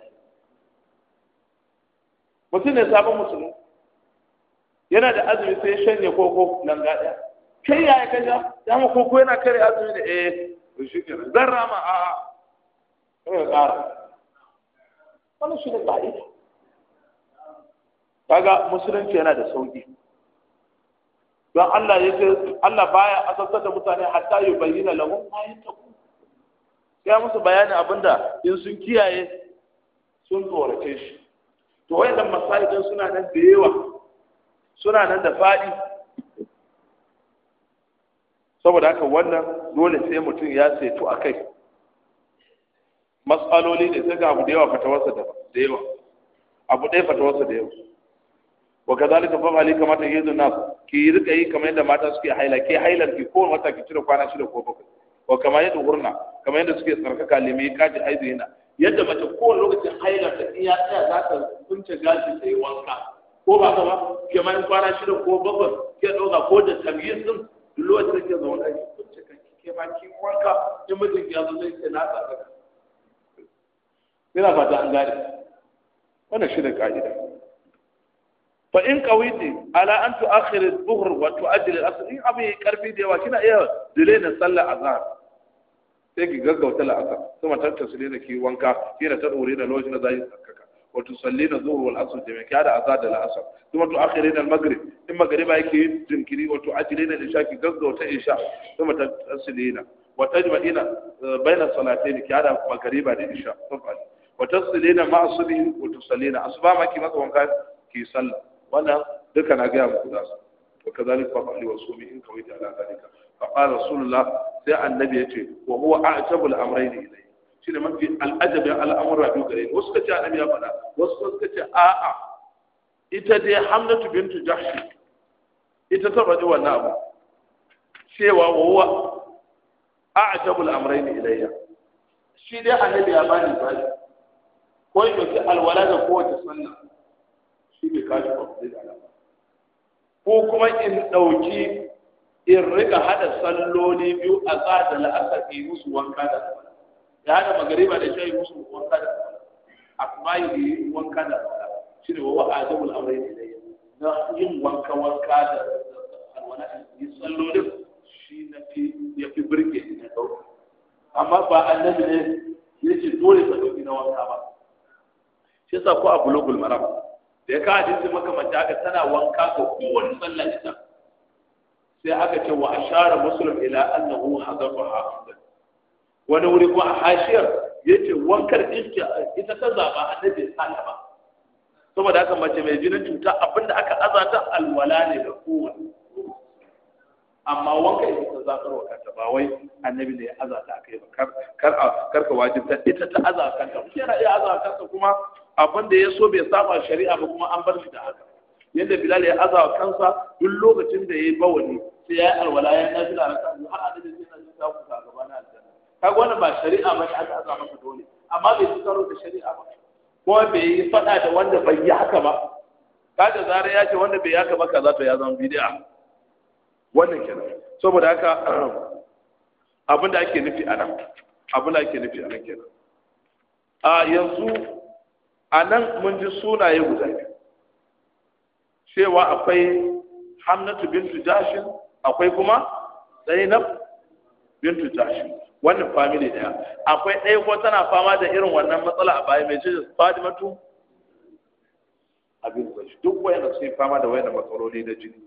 mutum ne sabon musulmi yana da azumi sai ya shanye koko nan ga daya kai ya ka ja ya ma koko yana kare azumi da eh to shi kenan zan rama a a kai ya kara wannan shi ne ba'ida kaga musulunci yana da sauki don Allah ya ce Allah baya azabtar da mutane hatta yi bayyana lahum ma yattaqu ya musu bayani abinda in sun kiyaye sun tsorace shi to wayannan masalidin suna nan da yawa suna nan da fadi saboda haka wannan dole sai mutum ya setu a kai matsaloli ne sai ga abu da yawa fatawarsa da yawa abu ɗaya fatawarsa da yawa wa kadhalika fa alika mata yidu nas ki rika yi kamar yadda mata suke haila ke hailar ki ko wata ki cire kwana shida ko bakwai wa kamar yadda hurna kamar yadda suke tsarkaka limi kaji haidu yana yadda mace ko lokacin hailar ta iya tsaya za ta kunce gashi ta yi wanka ko ba ka ba ke mai kwana shida ko bakwai ke ɗauka ko da tamyiz din duk lokacin da ke zaune ki kunce kai, ke ma ki wanka in mijin ya zo zai ce na tsarkaka ina fata an gane wannan shi da ka'ida fa in qawiti ala an tu'akhir adh-dhuhr wa tu'addil al-asr in abin karfi da yawa kina iya delay na sallar azhar sai ki gaggauta la'asar kuma ta tasiri da ki wanka kina ta dore da lokacin da zai tsakaka wa tusalli na zuhr wal asr jami'a kada azhar da la'asar kuma tu'akhirin al-maghrib in magriba yake jinkiri wa tu'addilina na isha ki gaggauta isha kuma ta tasiri وتجمعين بين الصلاتين كهذا مغربا للعشاء طبعا وتصلين مع الصبح وتصلين الصبح ما كي wanka? Ki صلى wannan duka na gaya muku da su wa kazalika fa ali wa sumi in kawai da ala zalika fa qala rasulullah sai annabi yace wa huwa a'jabul amrayn ilay shi ne mafi ya al'amura biyu gare wasu kace annabi ya fada wasu suka ce a'a ita dai hamnatu bintu jahsh ita ta faɗi wannan abu cewa wa huwa a'jabul amrayn ilayya shi dai annabi ya bani bani ko yake alwala da kowace sunna shi kashi kwafi da alama ko kuma in ɗauki in riga haɗa salloli biyu a tsada la'asar yi musu wanka da alama ya haɗa magariba da shayi musu wanka da alama a kuma yi wanka da alama shi ne a adabul amrai ne dai na yin wanka wanka da alwana yi sallolin shi na fi ya fi birge na ɗauka amma ba annabi ne ya ce dole sa ɗauki na wanka ba shi sa ko a bulogul maram da ya kawo maka makamanta aka tana wanka ga kowane sallah ita sai aka ce wa ashara musulun ila annahu hadafaha wani wuri kuma a hashiyar yace wankar ita ta zaba annabi sallama saboda haka mace mai jinin cuta abinda aka azata alwala ne ga kowane amma wanka ita ta zaɓar wa kanta ba wai annabi ne ya azata a kai ba kar ka wajibta ita ta azata kanta mutum yana iya azata kanta kuma abin da ya so bai saba shari'a ba kuma an bar shi da haka yadda bilal ya aza kansa duk lokacin da ya yi bawani sai ya yi alwala ya na bila raka har a da na jin samu ga gaba na aljanna kaga wannan ba shari'a ba ne aka aza masa dole amma bai ci karo da shari'a ba ko bai yi faɗa da wanda bai yi haka ba kaga zare ya ce wanda bai yi haka ba kaza to ya zama bid'a wannan kenan saboda haka abin da ake nufi a nan abin da ake nufi a nan kenan a yanzu a nan mun ji sunaye guda biyu cewa akwai hamnatu bintu jashin akwai kuma zainab bintu jashin wannan famili daya akwai ɗaya ko tana fama da irin wannan matsala a baya mai cikin fadimatu abin gashi. duk wayan da suke fama da wayan matsaloli na jini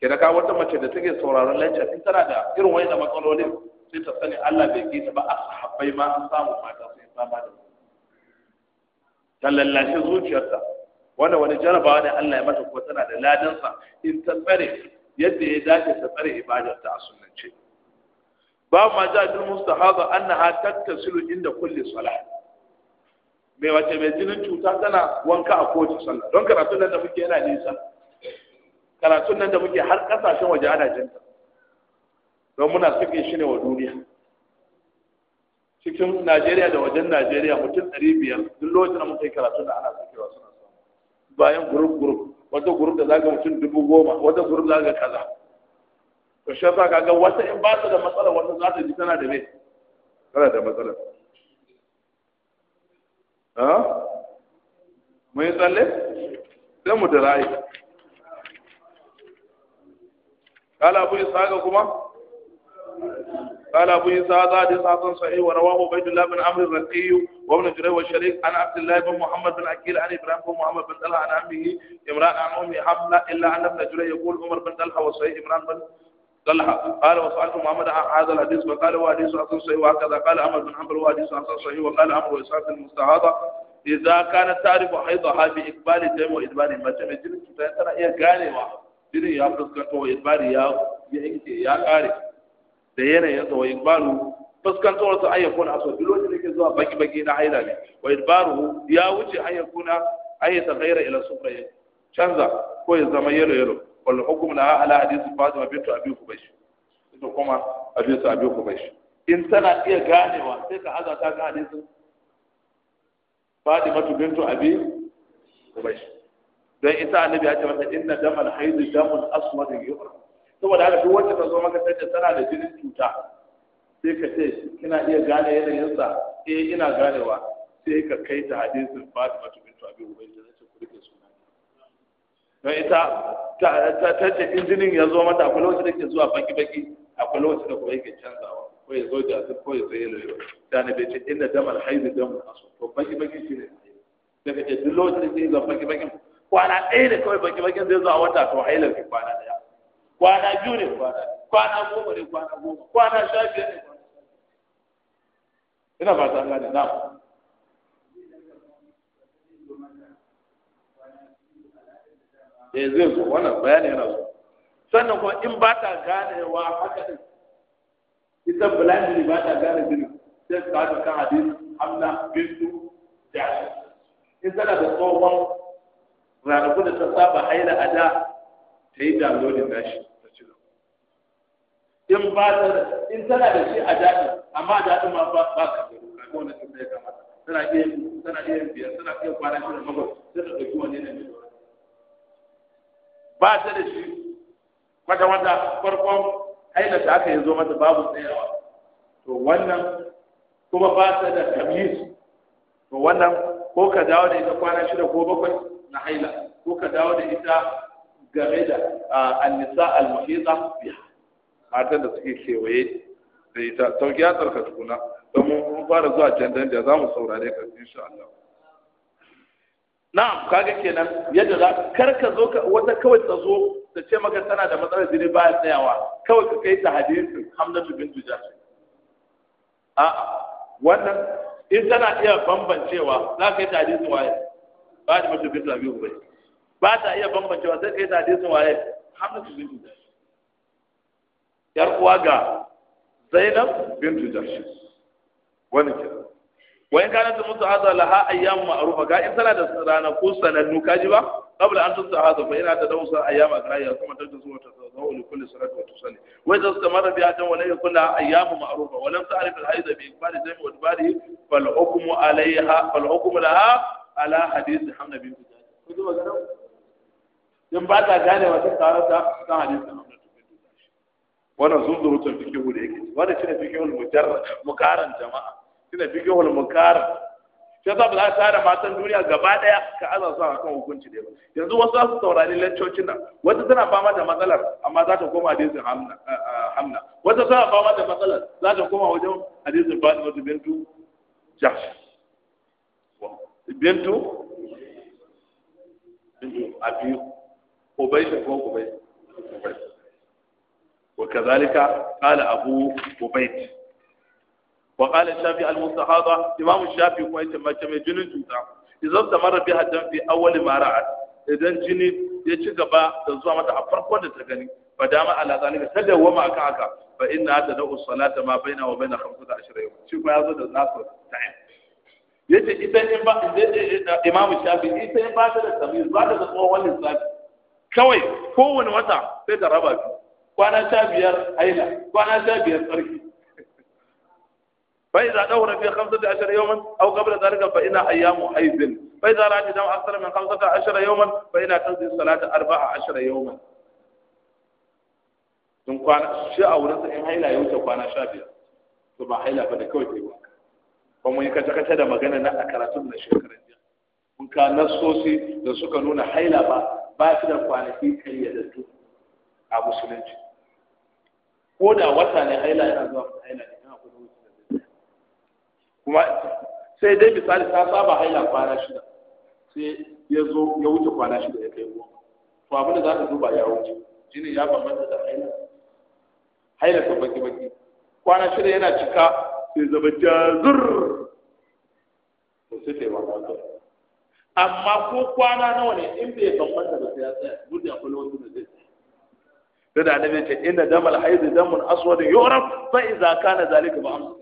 ke da ka wata mace da take sauraron lanta in tana da irin wayan matsaloli? sai ta sani Allah bai gita ba a sahabbai ma an samu mata sun fama da ka zuciyarsa zuciyarta wanda wani jarabawa ne Allah ya mata ko tana da ladansa in ta tsare yadda ya dace ta tsare ibadarta a sunnance ba ma ja bil mustahaba annaha tattasilu inda kulli salah mai wace mai jinin cuta tana wanka a kotu sallah don karatun nan da muke yana nisa karatun nan da muke har kasashen waje ana jinta don muna suke shi ne wa duniya cikin Najeriya da wajen Najeriya mutum ɗari biyar duk lokacin da muka yi karatu da ana sukewa suna samu bayan guruf-guruf, wata guruf da zaga mutum dubu goma wata gurup zaga kaza to shi yasa kaga wata in ba ta da matsala wata za ta ji tana da me tana da matsala ha mun yi tsalle sai mu da ra'ayi kala abu isa ga kuma قال أبو عيسى هذا حديث صحيح ورواه عبيد الله بن عمرو الرقي وابن جرير والشريك عن عبد الله بن محمد بن أكيل عن إبراهيم بن محمد بن طلحة عن عمه إمران عن أمه حملة إلا أن ابن جرير يقول عمر بن طلحة وصحيح إمران بن طلحة قال وسألت محمد عن هذا الحديث فقال هو حديث حسن صحيح وهكذا قال عمر بن حنبل هو حديث حسن صحيح وقال أمر وإسحاق المستعاضة إذا كانت تعرف حيضها بإقبال الدم وإدبار المجمع جنين تتنى إيه قالوا جنين يا فسكتو وإدبار يا ينكي يا قارئ da yanayin sa wa ikbalu fuskantowar sa ayyakuna a duk lokacin da ke zuwa baki baki na haida ne wa ikbaru ya wuce ayyakuna ayyata gaira ila sufra ya canza ko ya zama yelo yelo wal hukum na ala hadisi fatima bintu abin kubaysh ita kuma abin hadisi abin kubaysh in tana iya ganewa sai ka haza ta ga hadisin fatima bintu abi kubaysh don ita annabi ya ce mata inna damar haidu damun da yuhram saboda haka duk wacce ta zo maka sai ta tana da jinin cuta sai ka ce kina iya gane yanayinsa eh ina ganewa sai ka kai ta hadisin Fatima bint Abi Ubayd da ce ku rike suna don ita ta ce in jinin ya zo mata akwai lokacin da ke zuwa baki baki akwai lokacin da kuma yake canzawa ko ya zo da ko ya zo yalo yalo da ne bai ce inda damar haizu damar asu to baki baki shi sai daga ce duk lokacin da ke zuwa baki baki kwana ɗaya da kawai baki baki zai zo a wata to hailar ki kwana ɗaya kwana biyu ne kwana kwana goma ne kwana goma kwana sha biyar ne kwana ina ba ta gane na eh zai zo wannan bayani yana zo sannan kuma in ba ta ganewa haka din ita bulani ba ta gane jini sai ta ga kan hadisi amna bintu da in tana da tsohon ranakun da ta saba haila a da ta yi downloading nashi ta ci in ba ta in tana da shi a daɗi amma a daɗin ma ba ba ka da ruka ko wani tun ya kamata tana iya tana iya biyar tana iya kwana shi da magwai sai ta ɗauki wani ne ba ta da shi kwata-kwata farkon haila da aka yi zo mata babu tsayawa to wannan kuma ba ta da tamyiz to wannan ko ka dawo da ita kwana shida ko bakwai na haila ko ka dawo da ita game da annisa al-muhita biha matan da suke kewaye da ita sauki ya tsarka tukuna don mun fara zuwa can danja za mu saurare ka insha Allah na'am kaga kenan yadda za kar ka zo wata kawai ta zo ta ce maka tana da matsalar jini baya tsayawa kawai ka kai ta hadisin Hamdatu bin Jahsh a'a wannan in tana iya bambancewa za ka yi ta hadisin waye ba da mutum bin Abi ba ta iya bambancewa sai kai da hadisin waye hamdu bin jashi yar uwa ga zainab bintu jashi wani ke wa in kana musu hada laha ayyam ma'rufa ga in sala da rana ko sanannu kaji ba qabla an tunta hada fa ina ta dausa ayyam akraya kuma ta tsu wata tsawo li kulli salati wa tusalli wa idza istamara bi hadan wa la yakun ayyam ma'rufa wa lam ta'rif al-hayd bi ikbal zayn wa dibari fal hukmu alayha fal hukmu laha ala hadith hamna bin jashi in ba ta gane wata tsara ta san hadisi na wannan tukin da shi wannan zunzurutun fikin hu da yake wannan shine fikin wani mutar mukaran jama'a shine fikin wani mukaran shi yasa ba za ta tsara matan duniya gaba daya ka aza su akan hukunci da yanzu wasu za su saurari lancocin nan wata tana fama da matsalar amma za ta koma hadisin hamna wata tana fama da matsalar za ta koma wajen hadisin fatima bintu jahsh bintu bintu abiyu ubayd ko ubayd وكذلك قال أبو عبيد وقال الشافعي المستحاضة إمام الشافعي كما يتم جمع جنين جوتا إذا استمر بها الدم في أول ما رأت إذا جنين يجي غبا تزوى متى أفرقون تتغني فدام على ذلك تدوم أكا أكا فإنها تدعو الصلاة ما بينها وبين خمسة عشر يوم شوف ما يظهر الناس تعين yace ita in ba imamu shafi ita in ba ta da tamiz ba ta da tsohon lissafi kawai kowane wata sai ta raba biyu kwana sha biyar haila kwana sha biyar tsarki فإذا دور في خمسة عشر يوما أو قبل ذلك فإنها أيام حيض فإذا رأت دم أكثر من خمسة عشر يوما فإنها تقضي الصلاة أربعة عشر يوما sun kwana shi a wurin sa in haila ya wuce kwana sha biyar to ba haila ba da kawai ke wanka ba mun yi kace kace da magana na a karatun na shekaran jiya mun ka nasosi da suka nuna haila ba ba shi da kwanaki kayyadattu a musulunci ko da wata ne haila yana zuwa mata haila ne yana kuma musulunci kuma sai dai misali ta saba haila kwana shida sai ya zo ya wuce kwana shida ya kai goma to abin da za ka duba ya wuce jinin ya bambanta da haila haila ta baki baki kwana shida yana cika sai zama jazur to sai taimaka kawai amma ko kwana nawa ne in bai bambanta da ya tsaya gudu akwai wasu da zai ce da annabi ce inna damal haid damun aswad yuraf fa idza kana zalika ba amsu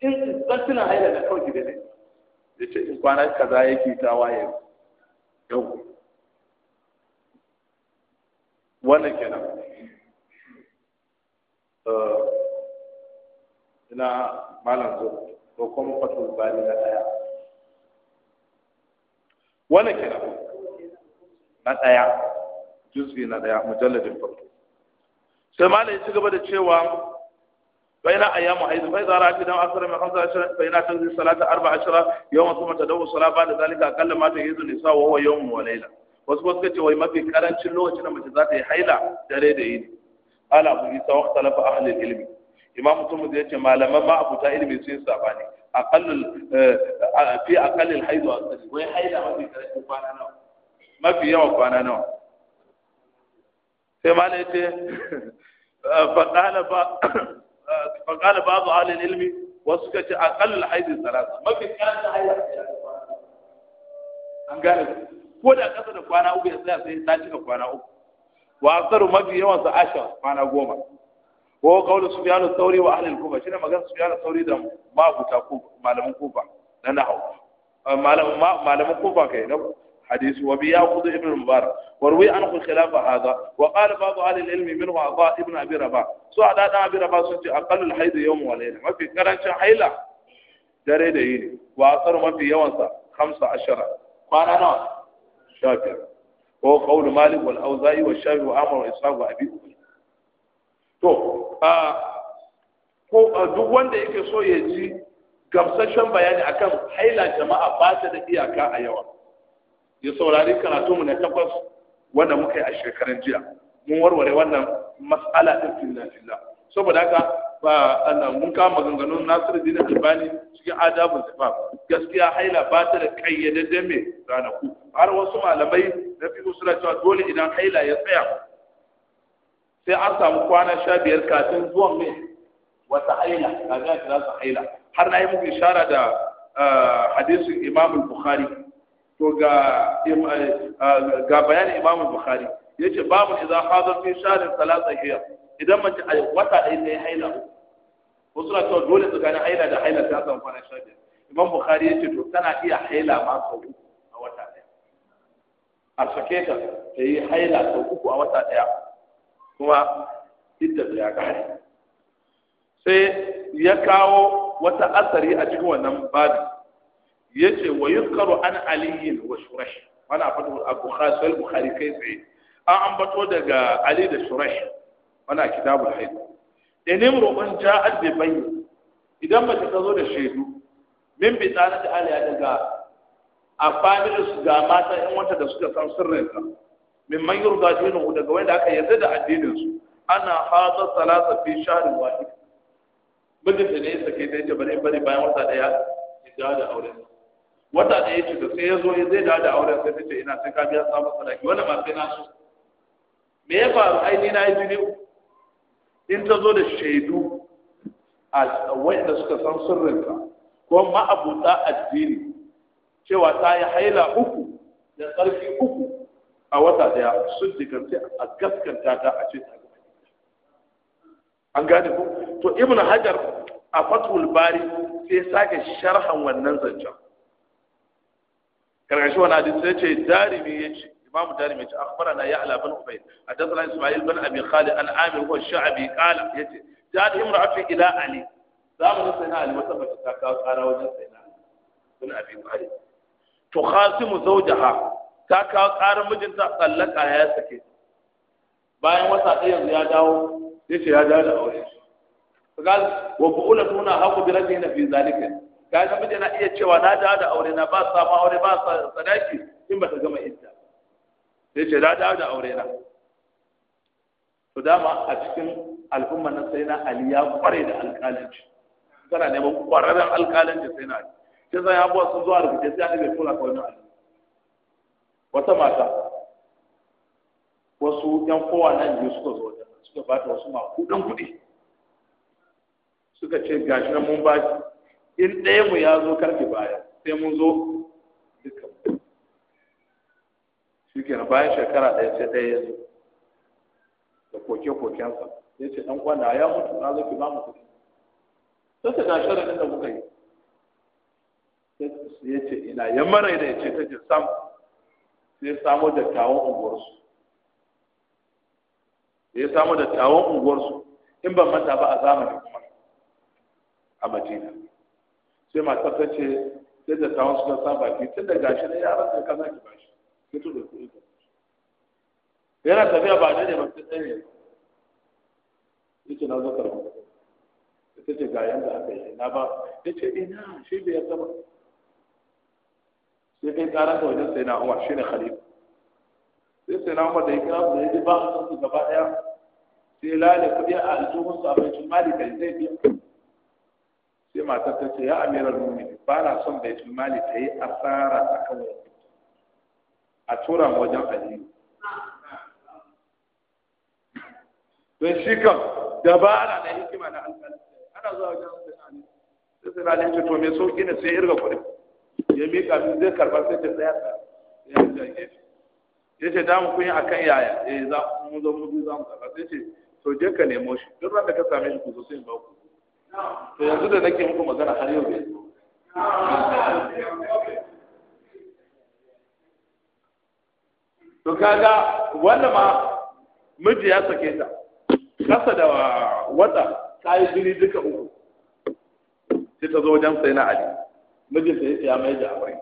in tsatsina haila da kauki gida ne yace in kwana kaza yake ta waye yau wannan kenan eh, ina malam zo ko kuma fatul bali na daya wannan kira na ɗaya juz'i na ɗaya mujalladin farko sai malai ya ci gaba da cewa baina ayyamu fi بين ايام حيث فاذا راى دم اكثر من 15 فان تقضي الصلاه 14 يوما ثم zalika akalla ma ta yizu nisa wa huwa وهو wa laila wasu wasu kace wai mafi karancin lokacin da mace za ta yi haila dare da yini ala abu isa wa ikhtalafa ahli ilmi imam mutum zai ce malaman ma abuta ilmi sun sabani أقل آه، آه، في أقل الحيض والسري ما في يوم نوع ما في يوم نوع إيه؟ فقال بعض أهل العلم وسكت أقل الحيض ثلاثة ما في ثلاثة حيضة an gane ko da kasa da kwana uku ya tsaya sai ta cika kwana uku wa aksaru mafi yawan sa ashar kwana goma ko kaulu sufyan al-thawri wa ahli al-kufa shine magana sufyan al-thawri da mabuta kufa Malamin kufa na nahwu ah, malaman kufa kai na hadisi wa bi yaqud ibn Mubar. wa ruwi anhu khilaf hadha wa qala ba'd ahli al-ilm minhu ata ibn abi rabah su ada da abi rabah sun ce aqallu al-hayd yawm wa layla mafi karancin haila dare da yini wa asar mafi yawansa 15 kwana nawa Shafi. ko qaul malik wal auza'i wa shafi wa amr wa ishaq wa abi to ko duk wanda yake so ya ji gamsashen bayani akan haila jama'a ba ta da iyaka a yawa ya saurari karatu mu na takwas wanda muka yi a shekaran jiya mun warware wannan mas'ala din fina fillah saboda haka ba nan mun kama maganganun Nasiru, Dina Albani cikin adabun sifaf gaskiya haila ba ta da kayyadadden me ranaku har wasu malamai na fi suna cewa dole idan haila ya tsaya sai an samu kwana sha biyar kafin zuwan mai wata haila kafin a kira su haila har na yi muku ishara da ah, hadisin imam bukhari to ga ah, ah, ga bayanin imam bukhari yace babu idza hadar fi shahr salasa hiya idan mace a wata ɗaya ne yi haila wasu na cewa dole tsakanin haila da haila ta samu kwana sha biyar imam bukhari yace to tana iya haila ma sau uku a wata ɗaya a sake ta ta yi haila sau uku a wata ɗaya kuma da ya kare sai ya kawo wata asari a cikin wannan Ya yace wa yuzkaru an aliyin wa shurash wani abu al-bukhari bukhari kai tsaye an ambato daga ali da shurash wani kitabul hayd inim ruban ja bi bayyin idan mace ta zo da shaidu min bi da aliya daga a su ga mata yan wata da suka san sirrinta min man yurda dinu daga wanda aka yarda da addinin su ana hada salata fi shahrin wahid bidin da ne sake dai ta bare bare bayan wata daya ya da auren wata daya da sai ya zo ya zai da da auren sai ta ina sai ka biya samu sadaki wannan ma sai na so me ya faru ai ni na yi jini in ta zo da shaidu a wanda suka san sirrinka ko ma'abuta addini cewa ta yi haila uku da tsarki uku a wata daya sun sai a gaskanta ta a ce ta an gane ku? to ibn hajar a fatul bari sai sake sharhan wannan zancen karkashi wani hadisi sai ce darimi ya ce imam darimi ya ce akhbarana ya'la bin ubayd hadathana isma'il bin abi khalid an amir wa sha'bi qala yace ja'at imra'atu ila ali zamu sai na ali wata mace ta kawo tsara wajen sai na bin abi khalid tukhasimu zawjaha ta kawo ƙarar mijinta tsallaka ya sake bayan wata ɗaya yanzu ya dawo ya ce ya dawo da aure kaga wa bu'ula tuna haku bi rajina fi zalika kaga miji na iya cewa na dawo da aure na ba samu aure ba sadaki in ba ta gama idda ya ce na dawo da aure na to dama a cikin al'umma na sai na ali ya kware da alƙalanci kana neman kwararren alƙalanci sai na ali sai zan yi abuwa sun zuwa rubuce sai an bai kula kawai na ali wata mata wasu yan kowa nan biyu suka zo wajen suka ba ta wasu makudan kuɗi suka ce gashi nan mun ba shi in ɗaya mu ya zo karfe baya sai mun zo duka shi kenan bayan shekara ɗaya sai ɗaya ya zo da koke-kokensa ya ce ɗan kwana ya mutu na zo ki ba mu kuɗi sai ta gashi da kuka yi ya ce ina ya mara da ya ce ta ce sam sai samo da tawon unguwarsu sai ya samo da tawon unguwarsu in ban manta ba a zamanin kuma a madina sai ma ta ce sai da tawon suka sa baki tun da gashi na yaran da kaza ki bashi ki to da kuɗi yana tafiya ba da ne ba ta tsaye ce na zo karɓa ta ce ga yanda aka yi na ba ce, ina shi bai yarda ba sai kai tsara ta wajen sai na umar shi ne khalifa sai sai na umar da ya kira da ya ji ba a san su gaba ɗaya sai lale kuɗi a aljihun su a baitul mali kai zai biya sai matar ta ce ya amira rumi ba na son baitul mali ta yi asara a kan a tura wajen aliyu don shi kam dabara da hikima na alƙalin ana zuwa wajen sai na aliyu sai na aliyu ce to mai sauƙi ne sai irga kuɗi yemi miƙa min zai karba sai ta tsaya ta ya ta gefe ya ce da mu kun yi kan yaya E, za mu zo mu biyu za mu karba sai ce to je ka nemo shi duk ran da ka same shi ku zo sai ba ku to yanzu da nake muku magana har yau to kaga wanda ma miji ya sake ta kasa da wata ta yi jini duka uku sai ta zo wajen sai na ali mijinta sai ya mai da aure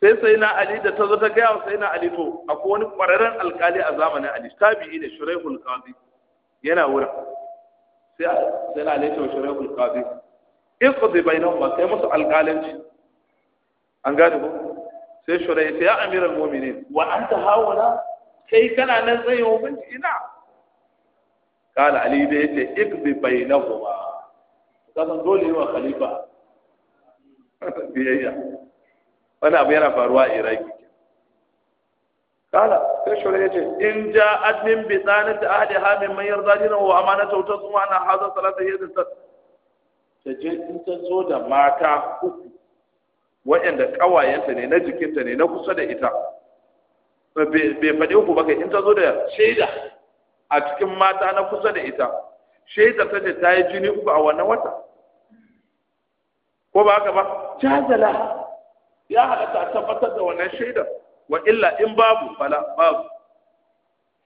sai sai na ali da ta ta gaya sai na ali to akwai wani kwararren alkali a zamanin ali tabi'i da shuraihul qadi yana wurin sai sai na ali to shuraihul qadi iqdi wa sai musu alkalanci an gane ko sai sai ya amiral mu'minin wa anta hawala kai kana nan tsayin hukunci ina kala ali da yace iqdi bainahuma kasan dole ne wa khalifa biyayya wani abu yana faruwa a iraki kala sai shura ya ce in ja admin bi tsanin ta ahadi hamin man yarda dinan wa amana tauta su ma na hazar salata ya da ta je in ta zo da mata uku waɗanda ƙawayenta ne na jikinta ne na kusa da ita bai faɗi uku ba kai in ta zo da shaida a cikin mata na kusa da ita shaida ta ce ta yi jini uku a wannan wata ko ba haka ba jazala ya halatta a tabbatar da wannan shaidar wa illa in babu fala babu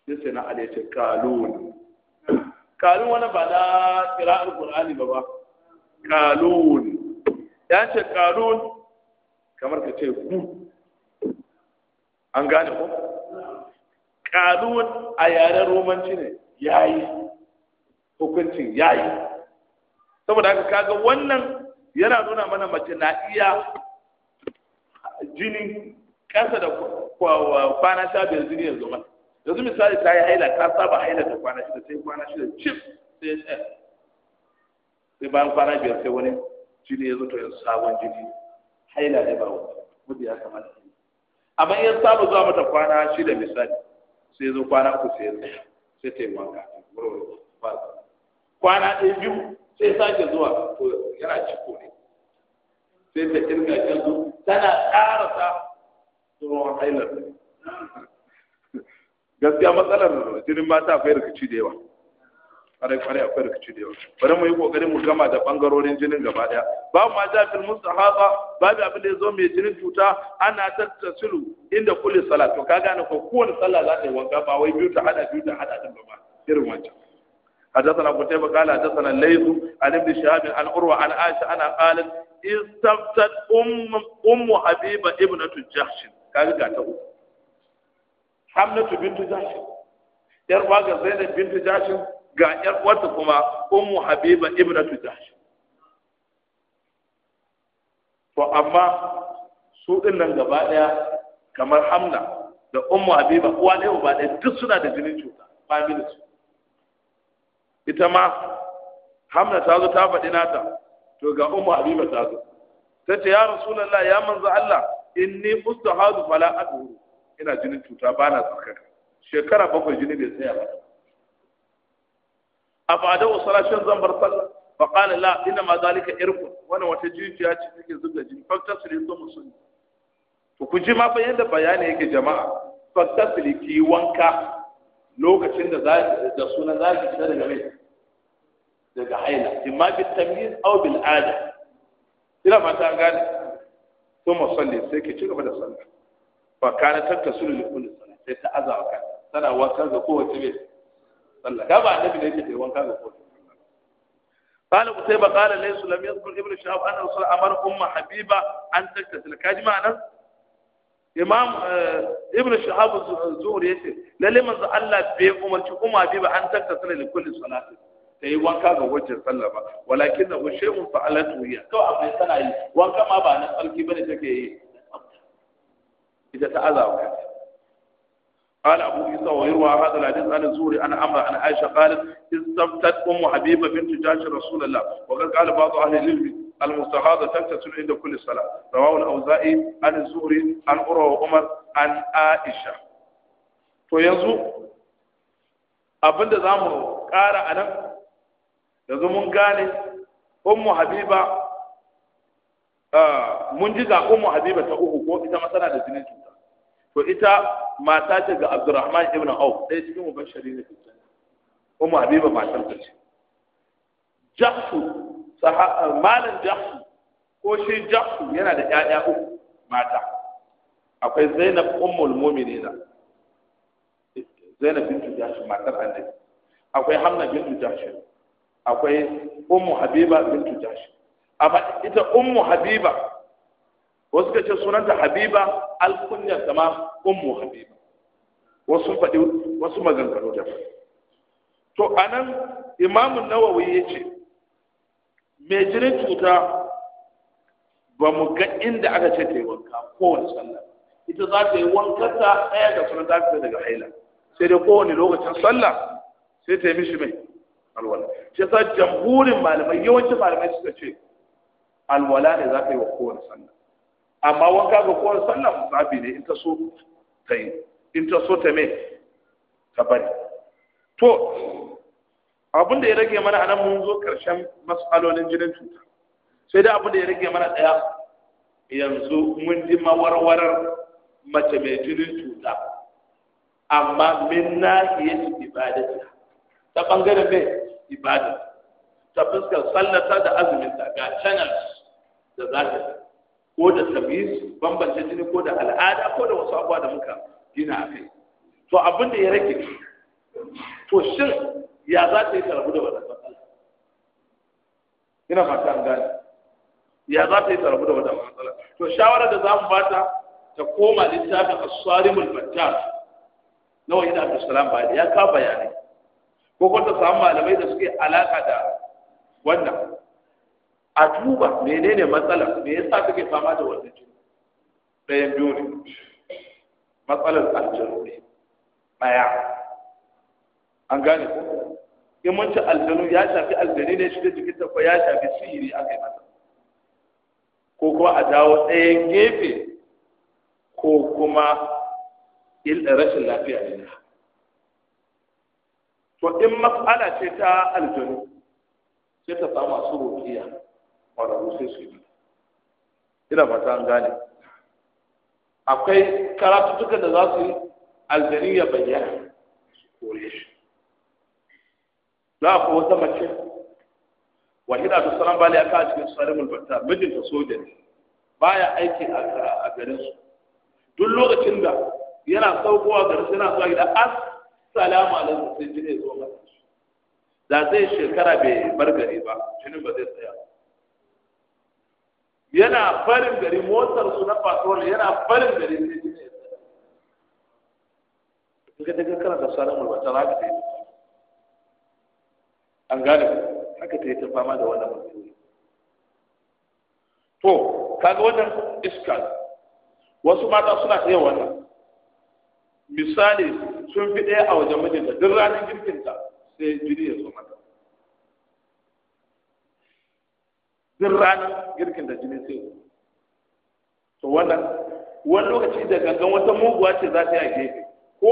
sai sai na alaice kalun kalun wani ba na kira'ar qur'ani ba ba kalun ya ce kalun kamar ka ce ku an gane ko kalun a yaren romanci ne yayi hukuncin yayi saboda haka kaga wannan yana nuna mana mace na iya jini kasa da kwana sha biyar jini yanzu mata yanzu misali ta yi haila ta saba haila da kwana shida sai kwana shida cif sai sai bayan kwana biyar sai wani jini ya zuto yanzu sabon jini haila ne ba wani ya kamata amma in saba zuwa mata kwana shida misali sai zo kwana uku sai ya sai ta yi wanka kwana ɗaya biyu sai sake zuwa to yana ciko ne sai ta kirga kirgu tana karasa tsoron hailar gaskiya matsalar jinin mata akwai rikici da yawa kwarai kare akwai rikici da yawa bari mu yi kokarin mu gama da bangarorin jinin gaba daya babu ma ja fil mustahaba babu abin da yazo mai jinin cuta ana tattasilu inda kulli salatu. kaga ne ko kowane sallah za ta yi wanka ba wai biyu ta hada biyu ta hada din ba irin wancan حدثنا قتيبة قال حدثنا الليث عن ابن شهاب عن عروة عن عائشة أنا قالت استفتت أم أم حبيبة ابنة جحش قال قاتل حملة بنت جحش يروى زينب بنت جحش قال يروى كما أم حبيبة ابنة جحش to amma su din nan gaba daya kamar hamla da ummu habiba uwa ne ba da duk suna da jinin cuta familin su ita ma hamna ta zo ta faɗi nata to ga ummu habiba ta zo ta ce ya rasulullah ya manzo Allah inni ustahadu fala adhuru ina jinin cuta ba na shekara bakwai jini bai tsaya ba a bada usala shin zan bar sallah fa qala la inna ma zalika irku wannan wata jijiya ce take zuga jini fa tasri zo musulmi to ku ji ma fa yanda bayani yake jama'a fa tasri ki wanka lokacin da da sunan zaki ta daga mai daga haila imma bil tamyiz aw bil ada ina fata gane to musalli sai ke cigaba da sallah fa kana tattasilu li kulli salat sai ta azawa kan tana wanka ga kowace mai sallah da ba annabi ne yake da wanka ga kowace قال قتيبة قال ليس لم يذكر ابن شهاب أن الرسول أمر أم حبيبة أن تغتسل كاجي معنى imam eh, ibn shahab zuhri yace lalle manzo Allah bai umarci umma bi an takkata ne kulli salati ta yi wanka ga wajen sallah ba walakin na hushe mun fa'alan tuhiya kawai abin da yi wanka ma ba na tsarki bane take yi ita ta azaba قال أبو عيسى ويروى هذا الحديث عن الزهري عن عمرو عن عائشة قالت استفتت أم حبيبة بنت جاش رسول الله وقد قال بعض أهل العلم المستحاضة تغتسل عند كل صلاة رواه الأوزاعي عن الزهري عن عروة وعمر عن عائشة فيزو yanzu abinda قال أنا yanzu mun gane ummu habiba ah, mun ji ga ummu habiba ta uku ko ita masana da jinin cuta to ita mata ce ga abdurrahman ibn auf ɗaya cikin mubashari ne cuta ummu habiba matar ta ce jahsu malam jahsu ko shi jahsu yana da ƴaƴa uku mata akwai zainab ummul mu'minina zainab bintu jahsh matar annabi akwai hamna bintu jahsh akwai ummu habiba bintu jashi amma ita ummu habiba wasu ka ce sunanta habiba alkunya sama ummu habiba wasu faɗi wasu maganganu da to anan imamun nawawi ya ce mai jirin cuta ba mu ga inda aka ce ta yi wanka kowane sallah ita za ta yi ta ɗaya da sunan ta daga haila sai dai kowane lokacin sallah sai ta yi mishi mai alwala shi yasa jamhurin malamai yawancin malamai suka ce alwala ne za ka yi wa kowane sallah amma wanka ga kowane sallah musabi ne in ta so ta yi in ta so ta me ta bari to abin da ya rage mana anan mun zo karshen mas'alolin jinin cuta sai dai abin da ya rage mana daya yanzu mun ji mawarwarar mace mai jinin cuta amma min nahiyar ibadatiya ta ɓangare bai ibada ta fuskar sallata da azumin ta ga channels da za ta ko da tabiz bambance jini ko da al'ada ko da wasu abuwa da muka gina a kai to abin da ya rage to shin ya za ta yi tarabu da wannan matsala ina fata an gane ya za ta yi tarabu da wannan matsala to shawara da za mu bata ta koma littafin as-sarimul nawa ina da salam ba ya ka bayanai ko kuma ta samu malamai da suke alaka da wannan a tuba menene matsala me yasa kake fama da wannan juna ɗayan biyu ne matsalar aljanu ne ɗaya an gane ko in mun ci aljanu ya shafi aljani ne shi da jikin ko ya shafi sihiri aka yi mata ko kuma a dawo ɗayan gefe ko kuma rashin lafiya ne to in mas'ala ce ta aljanu sai ta samu masu rukiya ƙwararru sai su yi ina ba an gane akwai karatutuka da za su yi aljani ya bayyana su kore shi za ku wata mace wahida da sunan bali aka a cikin sarimul batta mijinta soja ne baya aiki a garin su duk lokacin da yana saukowa garin suna zuwa gida as salamu alaikum sai jini zo masa da zai shekara bai bar gari ba jini ba zai tsaya yana farin gari motar su na patrol yana farin gari sai jini ya tsaya daga daga kana da salamu wata raka ta yi an gane haka ta yi ta fama da wannan mutum to kaga wannan iska wasu mata suna iya wannan misali sun fi ɗaya a wajen mijinta duk ranar girkinta sai jini ya zo mata duk ranar girkinta jini sai zo to wannan wani lokaci da gangan wata muguwa ce za ta yi a gefe ko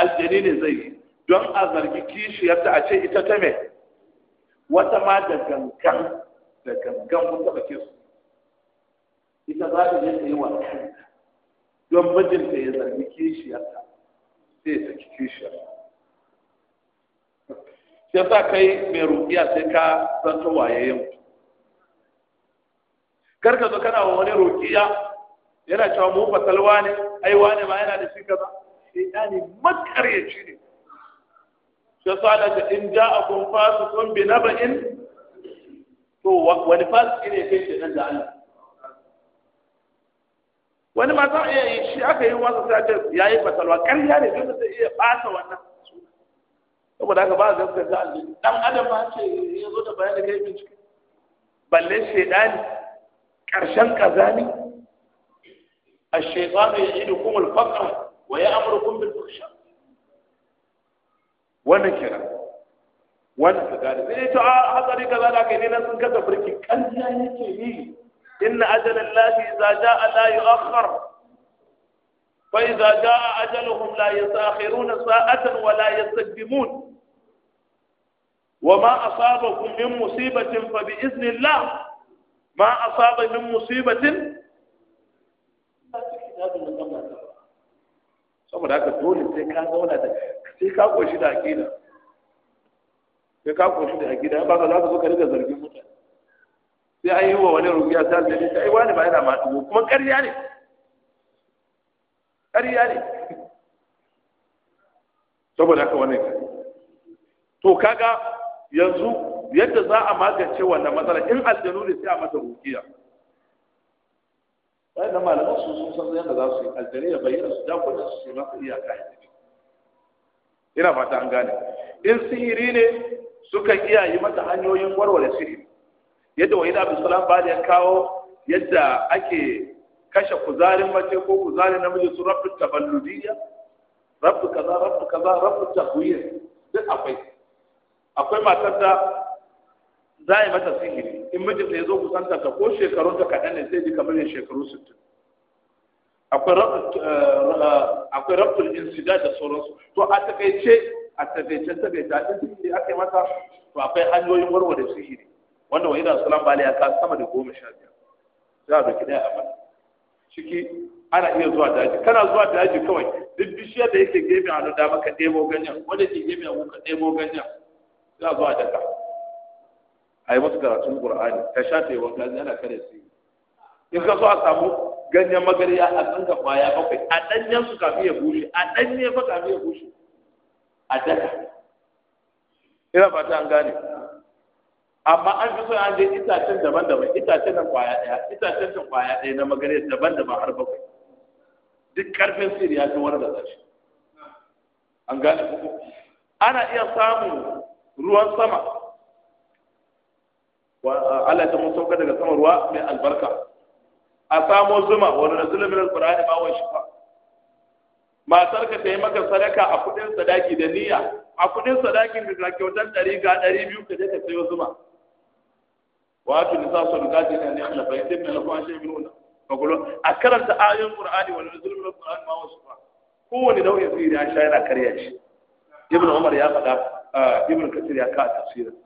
aljani ne zai yi don a zargi kishiyarta a ce ita ta me wata ma da gangan da gangan mun taɓa ke su ita za ta je ta yi wa don mijinta ya zargi kishiyarta sai ya saki kai mai rukiya sai ka san waye yau? kar ka zo kana wa wani rukiya yana cewa mu fatalwa ne ai wane ma yana da shi kaza shaitani makaryaci ne shi sa da ta in ja'akum fasiqun bi naba'in to wani fasiki ne kai shaitan da Allah wani ma za iya yi shi aka yi masa sai ce ya yi fatalwa ƙarya ne dole ta iya ɓata wannan saboda haka ba a gaskata aljini dan adam ba ce ya zo da bayani kai bincike balle shaidani ƙarshen kazani الشيطان ya الفقر ويأمركم بالفحشاء wannan kenan wannan ka gane sai to a ah, hatsari kaza da kai ne na sun kaza birki ƙarya yake yi إن أجل الله إذا جاء لا يؤخر فإذا جاء أجلهم لا يتأخرون ساعة ولا يستقدمون وما أصابكم من مصيبة فبإذن الله ما أصاب من مصيبة saboda haka dole sai ka zauna da sai ka koshi da akida sai ka koshi da akida ba ka za ka zo ka riga zargin mutane sai an yi wa wani rubiya ta da ta ai wani ba yana ma kuma ƙarya ne ƙarya ne saboda haka wannan to kaga yanzu yadda za a magance wannan matsala in aljanu ne sai a mata rukiya bayan da malaman su sun san yadda za su yi aljanu ya bayyana su dakunan su sai masu iyaka ya ina fata an gane in sihiri ne suka iya yi mata hanyoyin warware sihiri yadda wa ina bisalam ba da kawo yadda ake kashe kuzarin mace ko kuzarin namiji su rabu taballudiyya rabu kaza rabu kaza rabu tafiyar. duk akwai akwai matar da za a yi mata sihiri in mijinta ya zo kusanta ta ko shekarun ta kaɗan ne sai ji kamar yin shekaru sittin akwai rabtul eh, insida da sauransu to a takaice a takaice takaice a ɗin sihiri aka yi mata to akwai hanyoyin warware sihiri wanda wa idan sulan bali ya ka sama da goma sha biyar za a zaki daya a ciki ana iya zuwa daji kana zuwa daji kawai duk bishiyar da yake gefe a nuna ka ɗebo ganyen wanda ke gefe a ka ɗebo ganyen za a zuwa daka a yi musu karatun ƙur'ani ka sha ta yi wanka yana kare su in ka so a samu ganyen magariya a tsanka kwaya bakwai a ɗanyen su kafin ya bushe a ɗanyen ba kafin ya bushe a daka ina fata an gane amma an fi son an je itacen daban-daban itacen nan kwaya ɗaya itacen nan kwaya ɗaya na magare daban-daban har bakwai duk karfin sir ya fi wani da zashi an gane kuku ana iya samun ruwan sama Allah ta mun sauka daga sama ruwa mai albarka a samo zuma wani da zulumin alkur'ani ma wani shifa matar ka ta yi maka sadaka a kudin sadaki da niyya a kudin sadakin da kyautar ɗari ga ɗari biyu ka je ka sayo zuma wato sa sadaqati gaji ne Allah bai tabbata la kuma shi minuna kagulo a karanta ayoyin qur'ani wal nuzul min qur'an ma wasfa kowane nau'i sai ya shi yana karya shi ibnu umar ya faɗa ah, ibnu kasir ya ka tafsirin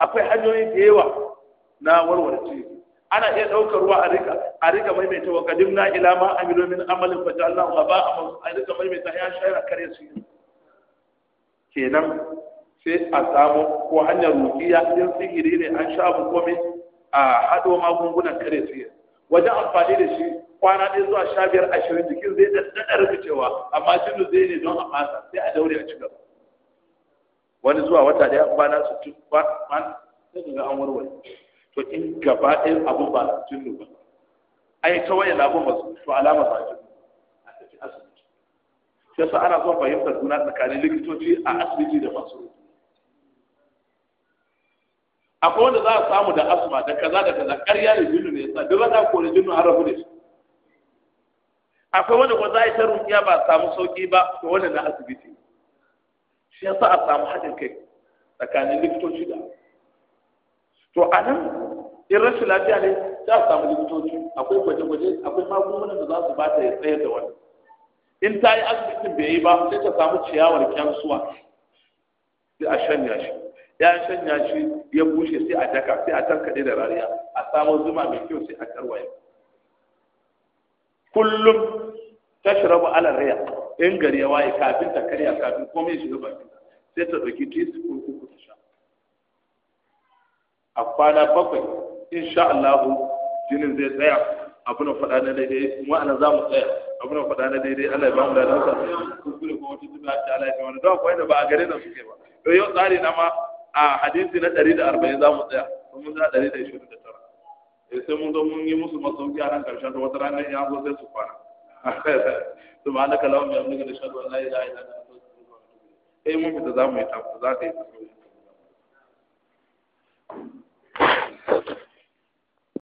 akwai hanyoyi da yawa na warware ciwo ana iya ɗaukar ruwa a rika a rika maimaita wa kadim na ila ma amilu min amalin fa ja'alna wa ba a rika maimaita ya shaira kare su kenan sai a samu ko hanyar rukiya din sihiri ne an sha mu komai a haɗo magungunan kare sihiri wajen amfani da shi kwana ɗaya zuwa sha biyar ashirin jikin zai ɗaɗa rikicewa amma jinnu zai ne don a fasa sai a daure a ci gaba wani zuwa wata ɗaya kwana su ci kwan sai ga an warware to in gaba ɗaya abun ba jinnu ba ai ta waye labu ba su to alama ba jinnu a tafi asibiti sai ana son fahimtar juna tsakanin likitoci a asibiti da masu akwai wanda za a samu da asma da kaza da kaza ƙarya da jinnu ne yasa duk za kore jinnu har rabu da shi akwai wanda ko za a yi ta rukiya ba a samu sauki ba ko wanda na asibiti shi yasa a samu haɗin kai tsakanin likitoci da to a nan in rashin lafiya ne za a samu likitoci akwai gwaje-gwaje akwai magungunan da za su ba ta ya tsaye da wani in ta yi asibitin bai yi ba sai ta samu ciyawar kyansuwa sai a shanya shi ya shanya shi ya bushe sai a daka sai a tankade da rariya a samu zuma mai kyau sai a tarwaye kullum shirabu ala raya in gari ya waye kafin ta karya kafin komai shiga baki sai ta dauki ko kuku ta sha a kwana bakwai insha Allah jinin zai tsaya abu na faɗa na daidai mu ana za mu tsaya abu na faɗa na daidai Allah ya ba mu da nasa kuskure ko wata tuba ta Allah ya wani don akwai da ba a gare da suke ba to yau tsari na ma a hadisi na 140 za mu tsaya mun za 129 eh, sai mun zo mun yi musu masauki a nan karshen wata ranar ya zo sai su kwana subhanaka lahum ya amlika da shadu an la ilaha illa anta astaghfiruka wa atubu ilayk kai eh, mun fita za mu yi tafi za ka yi